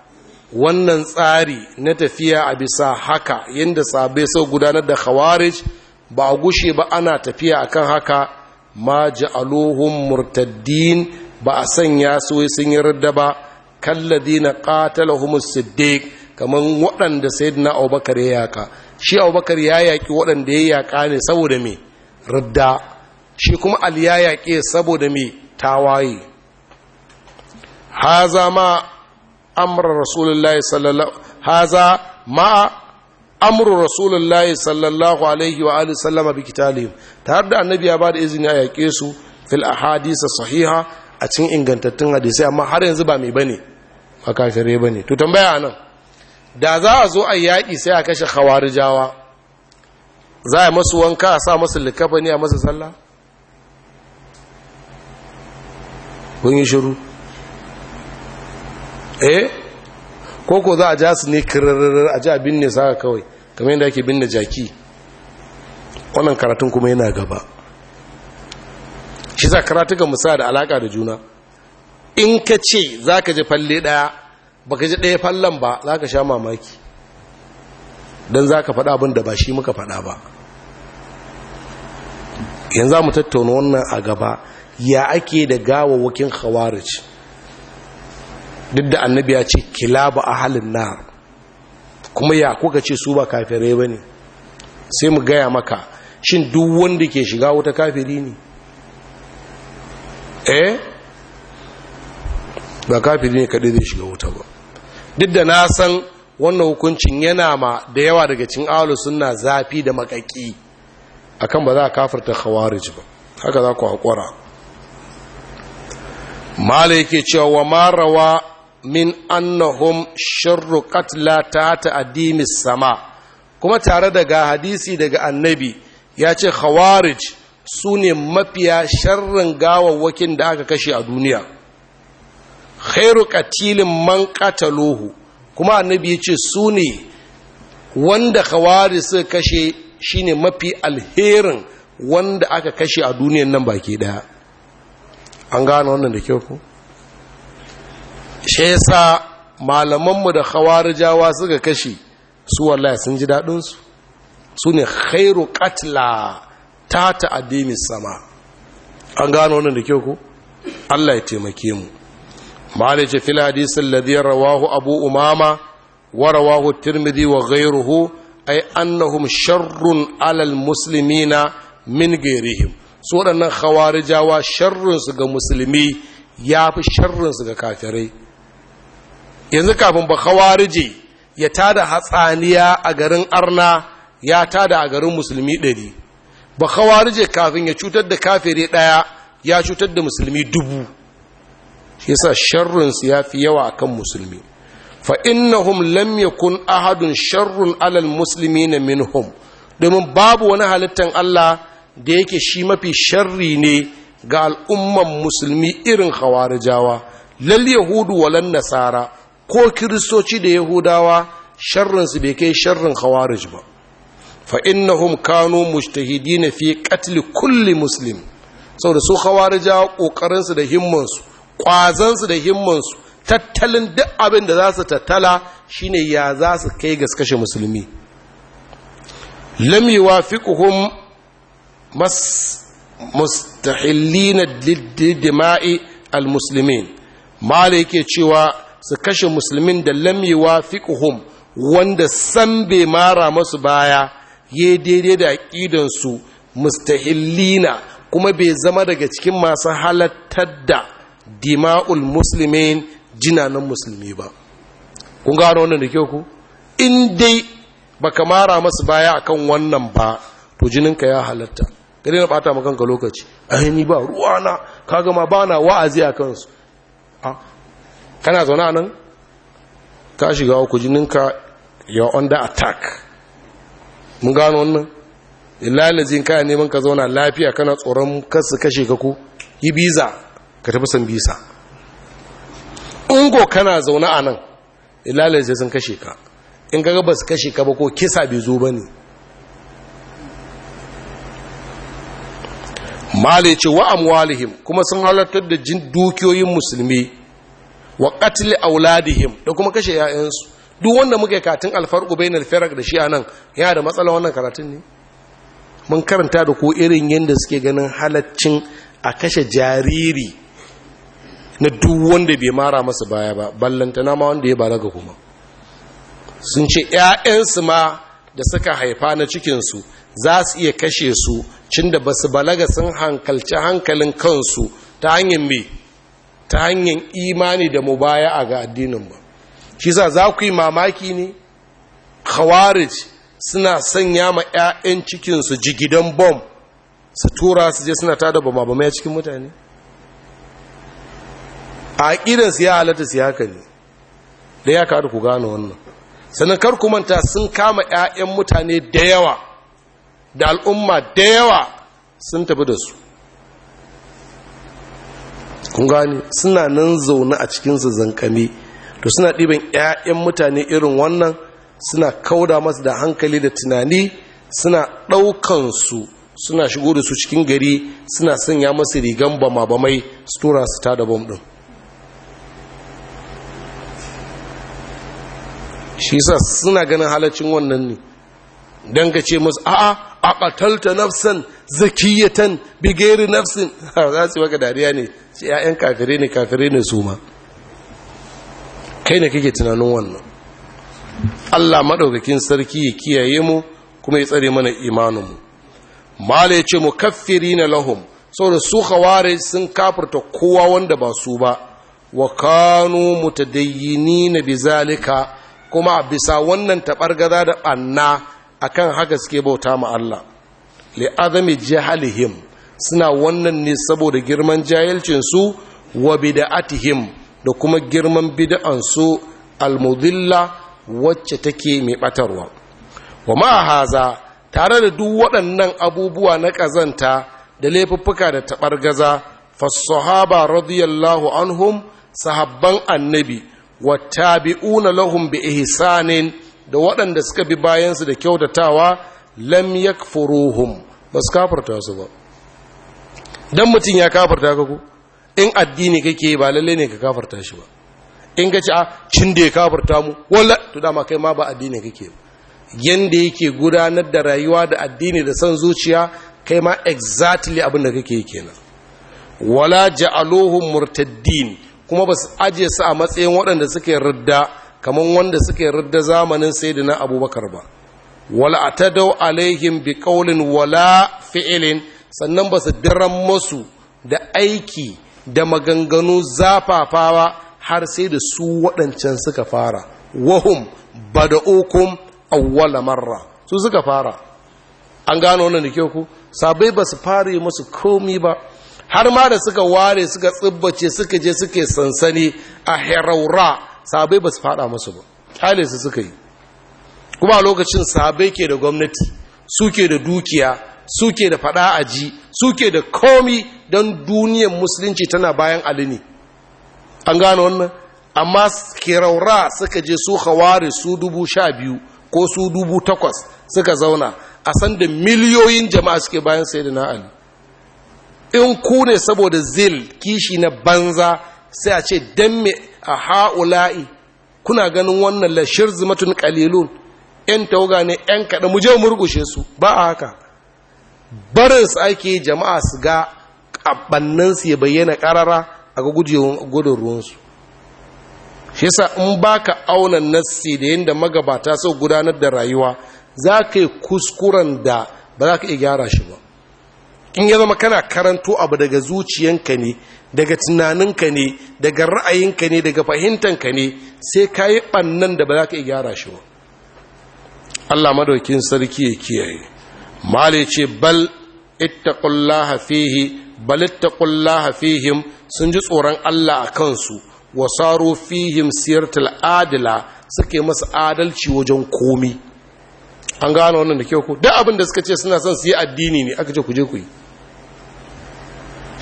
wannan tsari na tafiya a bisa haka yadda sabai sau gudanar da khawarij ba a gushe ba ana tafiya akan haka ma alohun murtaddin ba a sanya su sun yi radda ba kalladina ƙatala siddiq kaman waɗanda na Abubakar ya yaka shi Abubakar ya yaki waɗanda ya yaka ne saboda me radda shi kuma Ali ya yake saboda me tawaye haza ma amr rasulullahi sallallahu haza ma amr rasulullahi sallallahu alaihi wa alihi sallama bi kitalihim tare da annabi ya bada izini a yake su fil ahadisa sahiha a cikin ingantattun hadisi amma har yanzu ba mai bane ba kafirai bane to tambaya anan da za a zo a yaƙi sai a kashe khawarijawa za a masu wanka a sa masu likafani a masa sallah kun yi shiru eh ko ko za a ja su ne kirarrar a ji a binne saka kawai kamar yadda ake binne jaki wannan karatun kuma yana gaba shi za karatu ga musa da alaka da juna in ka ce za ka ji falle ɗaya ba ka ji ɗaya fallon ba za ka sha mamaki don za ka faɗa abin da ba shi muka faɗa ba yanzu za mu tattauna wannan a gaba ya ake da wakin khawarici duk da annabi ya ce kila ba a halin na kuma ya kuka ce su ba kafirai ne sai mu gaya maka shin duk wanda ke shiga wuta kafiri ne eh ba kafiri ne kadai zai shiga wuta ba duk da na san wannan hukuncin yana ma da yawa daga cin awalu suna zafi da makaki akan ba za a kafirta khawarij ba haka za ku hakura mala yake cewa wa marawa min annahum sharru qatla ta adimis sama kuma tare daga hadisi daga annabi ya ce khawarij su ne mafiya sharrin gawawwakin da aka kashe a duniya khairu katilin man qataluhu kuma annabi ya ce su ne wanda khawarij suka kashe shine mafi alherin wanda aka kashe a duniyan nan baki daya an gane wannan da kyau ko shi yasa malamanmu da khawarijawa suka kashi su wallahi sun ji daɗinsu su ne khairu katla ta ta'addimin sama an gano wannan da kyau ko Allah ya taimake mu malaje fil alladhi rawahu abu umama wa rawahu tirmidhi wa ghayruhu ay annahum sharrun alal muslimina min ghayrihim su waɗannan khawarijawa sharrun su ga musulmi yafi sharrun su ga kafirai yanzu kafin ba khawarije ya tada hatsaniya a garin arna ya tada a garin musulmi ɗari ba khawarije kafin ya cutar da kafere ɗaya ya cutar da musulmi dubu shi yasa sharrinsu ya fi yawa kan musulmi fa innahum lam yakun ahadun sharrun alal muslimina minhum domin babu wani halittan Allah da yake shi mafi sharri ne ga al'umman musulmi irin hawarijawa lal yahudu walan nasara ko kiristoci da yahudawa sharrinsu bai kai sharrin khawarij ba fa innahum kanu mujtahidina fi qatl kulli muslim saboda su khawarijawa kokarinsu da himmansu kwazansu da himmansu tattalin duk abin da za su tattala shine ya za su kai gaskashe musulmi lam yuwafiquhum mas mustahillina lid-dima'i al-muslimin mala yake cewa su kashe musulmin da lamewa fiƙuhum wanda san bai mara masu baya ya daidai da aƙidansu mustahillina kuma bai zama daga cikin masu halattar da dima'ul musulmin jinanan musulmi ba kun gano wannan da kyau ku in dai baka mara masu baya akan wannan ba to jininka ya halatta gari na bata makanka lokaci a ba ruwana kaga ma ba na wa'azi a kansu kana zaune nan ka shiga uku jininka ya under attack mun gano wannan ilalazin ka neman ka zauna lafiya kana tsoron kasu kashe ka ku yi biza ka tafi san bisa ungo kana zaune a nan ilalazin sun kashe ka in ga ba su kashe ka ba ko kisa bai zo ba ne malice wa amwalihim kuma sun halartar da jin dukiyoyin musulmi wa a auladihim da kuma kashe yayansu duk wanda muke katin alfarqu bainal firaq da shi anan yana da matsala wannan karatun ne mun karanta da ko irin yanda suke ganin halaccin a kashe jariri na duk wanda bai mara masa baya ba ballantana ma wanda ya balaga kuma sun ce 'ya'yansu ma da suka haifa na cikinsu za su iya kashe su cinda basu ba su balaga sun hankalci hankalin kansu ta hanyar mai ta hanyar imani da mu baya a ga addinin ba shi sa za ku yi mamaki ne khawarij suna sanya ma 'ya'yan cikinsu jigidan bom su tura su je suna tada bama bama cikin mutane a su ya halatta su haka ne da ya kada ku gane wannan sannan karkumanta sun kama 'ya'yan mutane da yawa da al'umma da yawa sun tafi da su kun gani suna nan zaune a cikinsu zankane to suna ɗiban 'ya'yan mutane irin wannan suna kauda masu da hankali da tunani suna su suna shigo da su cikin gari suna sanya masu rigan bama-bamai su tura su ta da bom ɗin shi sa suna ganin halacin wannan ne don ka ce musu a'a a ƙatalta nafsan zakiyatan bigeri nafsin za su waka dariya ne sai ‘ya'yan kafirai ne kafirai ne su ma kai ne kake tunanin wannan Allah maɗaukakin sarki ya kiyaye mu kuma ya tsare mana imaninmu mala ya ce mu kafiri na lahum saboda su haware sun kafirta kowa wanda ba su ba wa kanu mutadayyini na bizalika kuma a bisa wannan taɓargaza da ɓanna akan haka suke bauta ma Allah li azami jahalihim suna wannan ne saboda girman jahilcin su wa bid'atihim da kuma girman bid'an su almudilla wacce take mai batarwa wa ma haza tare da duk waɗannan abubuwa na kazanta da laifuffuka da taɓar gaza fasahaba radiyallahu anhum sahabban annabi wa tabi'una lahum bi ihsanin da waɗanda suka bi bayansu da kyautatawa lam yakfuruhum ba su kafarta su ba dan mutum ya kafarta ka ku in addini kake ba lalle ne ka kafarta shi ba in ka ci a ah, cin da ya kafarta mu walla to dama kai ma ba addini kake ba yanda yake gudanar da rayuwa da addini da san zuciya kai ma exactly abin da kake kenan wala ja'aluhum murtaddin kuma ba su aje su a matsayin waɗanda suke ridda kamar wanda suke rudda zamanin na abubakar ba wala atadau alaihim bi qawlin wala fi'ilin sannan ba su daren musu da aiki da maganganu zafafawa har sai da su waɗancan suka fara wahum bada'ukum awwala marra su suka fara an gano wannan da ku sabai ba su fare musu komi ba har ma da suka ware suka tsibbace suka je suke sansani a heraura sabai ba su fada musu ba kyale su suka yi kuma lokacin sabai ke da gwamnati suke da dukiya suke da fada aji suke da komi don duniyar musulunci tana bayan alini an gano wannan amma kiraura suka je su hawari su dubu sha biyu ko su dubu takwas suka zauna a sanda miliyoyin jama'a suke bayan sai da na in ku ne saboda zil kishi na banza sai a ce don me a ha'ula'i kuna ganin wannan lashir zumatun ƙalilun ‘yan tauga ne ‘yan kaɗa mu je murgushe su ba a haka barin su ake jama'a su ga ƙabanninsu ya bayyana ƙarara a ga gudun ruwansu shi sa in baka auna nassi da yadda magabata sau gudanar da rayuwa za ka yi kuskuren da ba za ka iya gyara shi ba in ya zama kana karanto abu daga zuciyanka ne daga tunaninka ne daga ra'ayinka ne daga fahimtanka ne sai ka yi ɓannan da ba za ka iya gyara shi ba allah madaukin sarki ya kiyaye mali ce bal ittaqullaha hafihi bal ittaqullaha hafihim sun ji tsoron allah a kansu wa saro fihim siyartul adila suke masa adalci wajen komi an gano wannan da kyau ko duk abin da suka ce suna son su yi addini ne aka ce ku je ku yi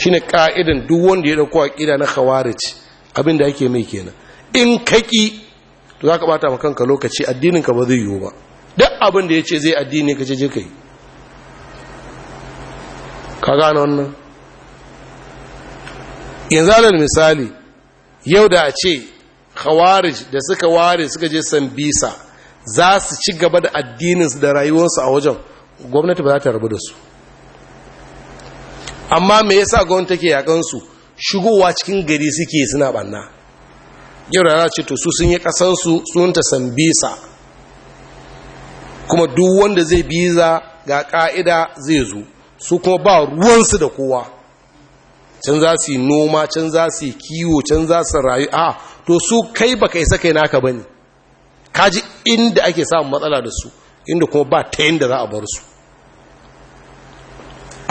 shine ka'idan duk wanda ya dauko aqida na khawarij abinda ake yake mai kenan in kaki to zaka bata wa kanka lokaci addinin ka ba zai yiwu ba duk abin da yace zai addini ka je je kai ka gane wannan yanzu alal misali yau da a ce khawarij da suka ware suka je sambisa za su ci gaba da addininsu da rayuwarsu a wajen gwamnati ba za ta rabu da su amma me yasa gwamnati take yakansu shigowa cikin gari suke suna banna yau da ce to su sun yi kasan su sun ta sambisa kuma duk wanda zai biza ga ka'ida zai zo su kuma ba ruwansu da kowa can za su yi noma can za su yi kiwo can za su rayu a to su kai baka isa kai naka bane kaji inda ake samun matsala da su inda kuma ba ta yin da za a bar su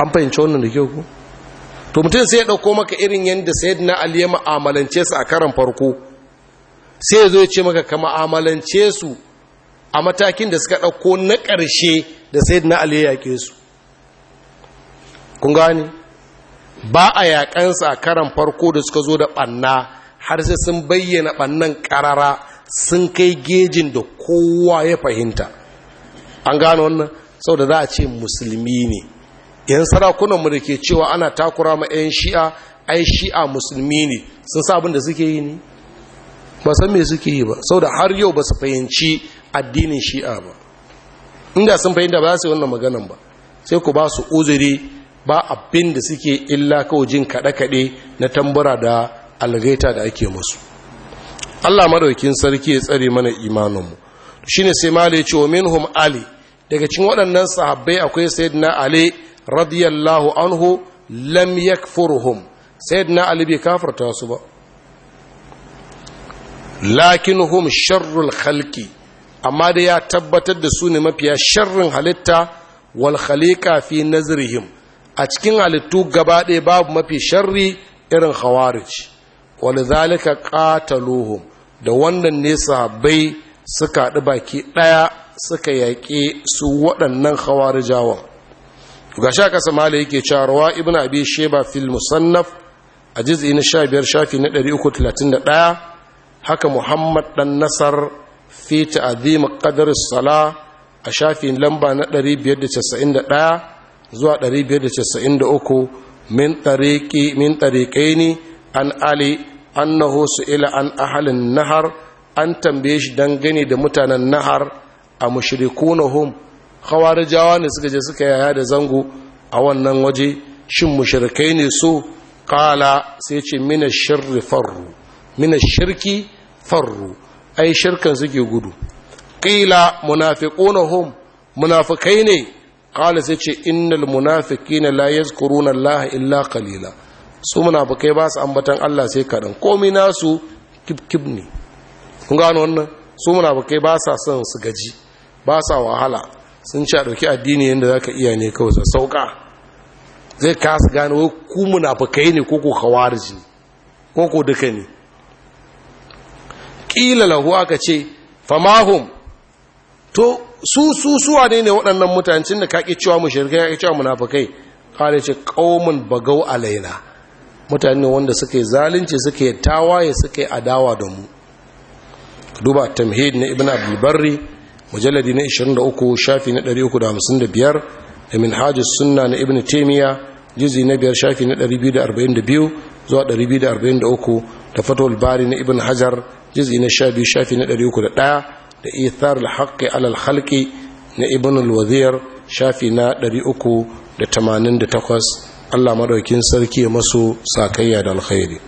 an fahimci wannan da kyau ku to mutum sai ya ɗauko maka irin yadda sayyidina ali ya ma'amalance su a karan farko sai ya zo ya ce maka ka ma'amalance su a matakin da suka ɗauko na ƙarshe da sayyidina ali ya ke su kun gane ba a yaƙansa a karan farko da suka zo da ɓanna har sai sun bayyana ɓannan ƙarara sun kai gejin da kowa ya fahimta an gano wannan sau da za a ce musulmi ne yan sarakunanmu da ke cewa ana takura ma 'yan shi'a ai shi'a musulmi ne sun sa abin da suke yi ne ba san me suke yi ba sau da har yau ba su fahimci addinin shi'a ba inda sun fahimta ba su yi wannan maganan ba sai ku ba su uzuri ba abin da suke illa kawo jin kaɗe-kaɗe na tambura da algaita da ake musu allah maraukin sarki ya tsare mana imaninmu shi ne sai mali ya ce wa minhum ali daga cin waɗannan sahabbai akwai na ali radiyallahu anhu lam yakfurhum sayyidina ali bai kafarta su ba lakinhum sharrul khalqi amma da ya tabbatar da su ne mafiya sharrin halitta wal khaliqa fi nazrihim a cikin halittu gaba ɗaya babu mafi sharri irin khawarij walzalika qataluhum da wannan ne sahabbai suka haɗu baki ɗaya suka yaƙe su waɗannan khawarijawan to gashi aka sama da yake cewa rawa ibn abi sheba fil musannaf a juz'i na 15 shafi na 331 haka muhammad dan nasar fi ta'zim qadr as-sala a shafin lamba na 591 zuwa 593 min tariqi min tariqaini an ali annahu su'ila an ahlin nahar an tambaye shi dangane da mutanen nahar a mushrikunahum khawarijawa ne suka je suka yaya da zango a wannan waje shin mushrikai ne su? kala sai ce mina shirri farru mina shirki farru ai shirkan suke gudu qila munafiquna hum munafikai ne kala sai ce innal munafiqina la yazkuruna allaha illa qalila su munafikai ba su ambatan Allah sai kadan komai nasu kibkib ne kun gano wannan su munafikai ba sa son su gaji ba sa wahala sun ci a ɗauki addini yadda za ka iya ne kawai sauka zai kasa gane wai ku munafukai ne ko ko kawarji ko ko duka ne ƙila lahu aka ce famahum to su su suwa ne ne waɗannan mutancin da kaƙi cewa mu shirka ya cewa munafukai kare ce ƙaumin bagau alaina mutane wanda suke zalunci suke tawaye suke adawa da mu duba tamhid na ibn barri mujalladi na 23 shafi na 355 da minhajus sunna na ibn taimiyya jizi na biyar shafi na 242 zuwa 243 da fatowar bari na ibn hajar jizi na 12 shafi na 301 da ithar al-haqqi ala na ibn wazir shafi na 388 Allah maɗaukin sarki masu sakayya da alkhairi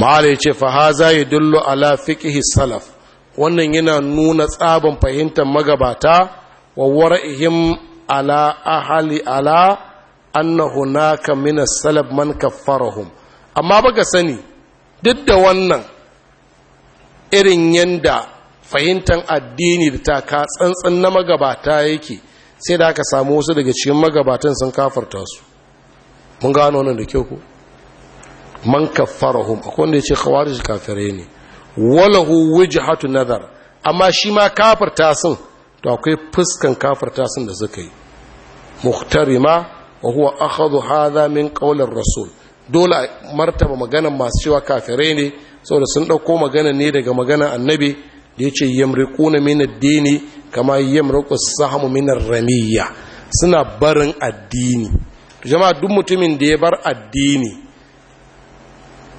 mala yace fa haza yadullu ala fiqhi salaf wannan yana nuna tsaban fahimtar magabata wa wara'ihim ala ahali ala anna hunaka min salaf man kaffarahum amma baka sani duk da wannan irin yanda fahimtar addini da taka tsantsan na magabata yake sai da aka samu wasu daga cikin magabatan sun kafarta su mun gano nan da kyau ku. man kaffarahum akwai wanda ya ce khawarij kafirai ne walahu wajhatu nazar amma shi ma kafirta sun to akwai fuskan kafirta sun da suka yi muhtarima wa huwa akhadhu hadha min qawlir rasul dole martaba maganan masu cewa kafirai ne saboda sun dauko magana ne daga maganan annabi da yace yamriquna min ad-dini kama yamriqu sahmu min ar-ramiyya suna barin addini jama'a duk mutumin da ya bar addini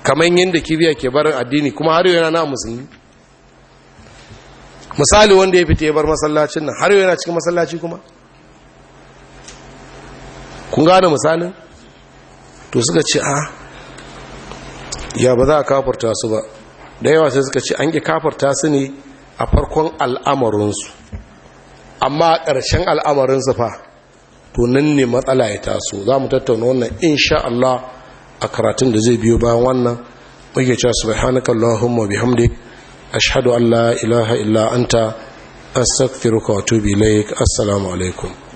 kamar yadda kibiya ke barin addini kuma har yana na musulmi misali wanda ya fita ya bar masallacin nan har yana cikin masallaci kuma kun gane misalin to suka ce a ah, ya ba za a kafarta su ba da yawa sai suka ce an ƙi kafarta su ne a farkon al'amarinsu amma a ƙarshen al'amarinsu fa to nan ne matsala ya taso za mu tattauna wannan insha Allah a karatun da zai biyo bayan wannan muke cewa subhanaka allahumma bihamdik ashhadu an la ilaha illa anta astaghfiruka wa atubu ilaik assalamu alaikum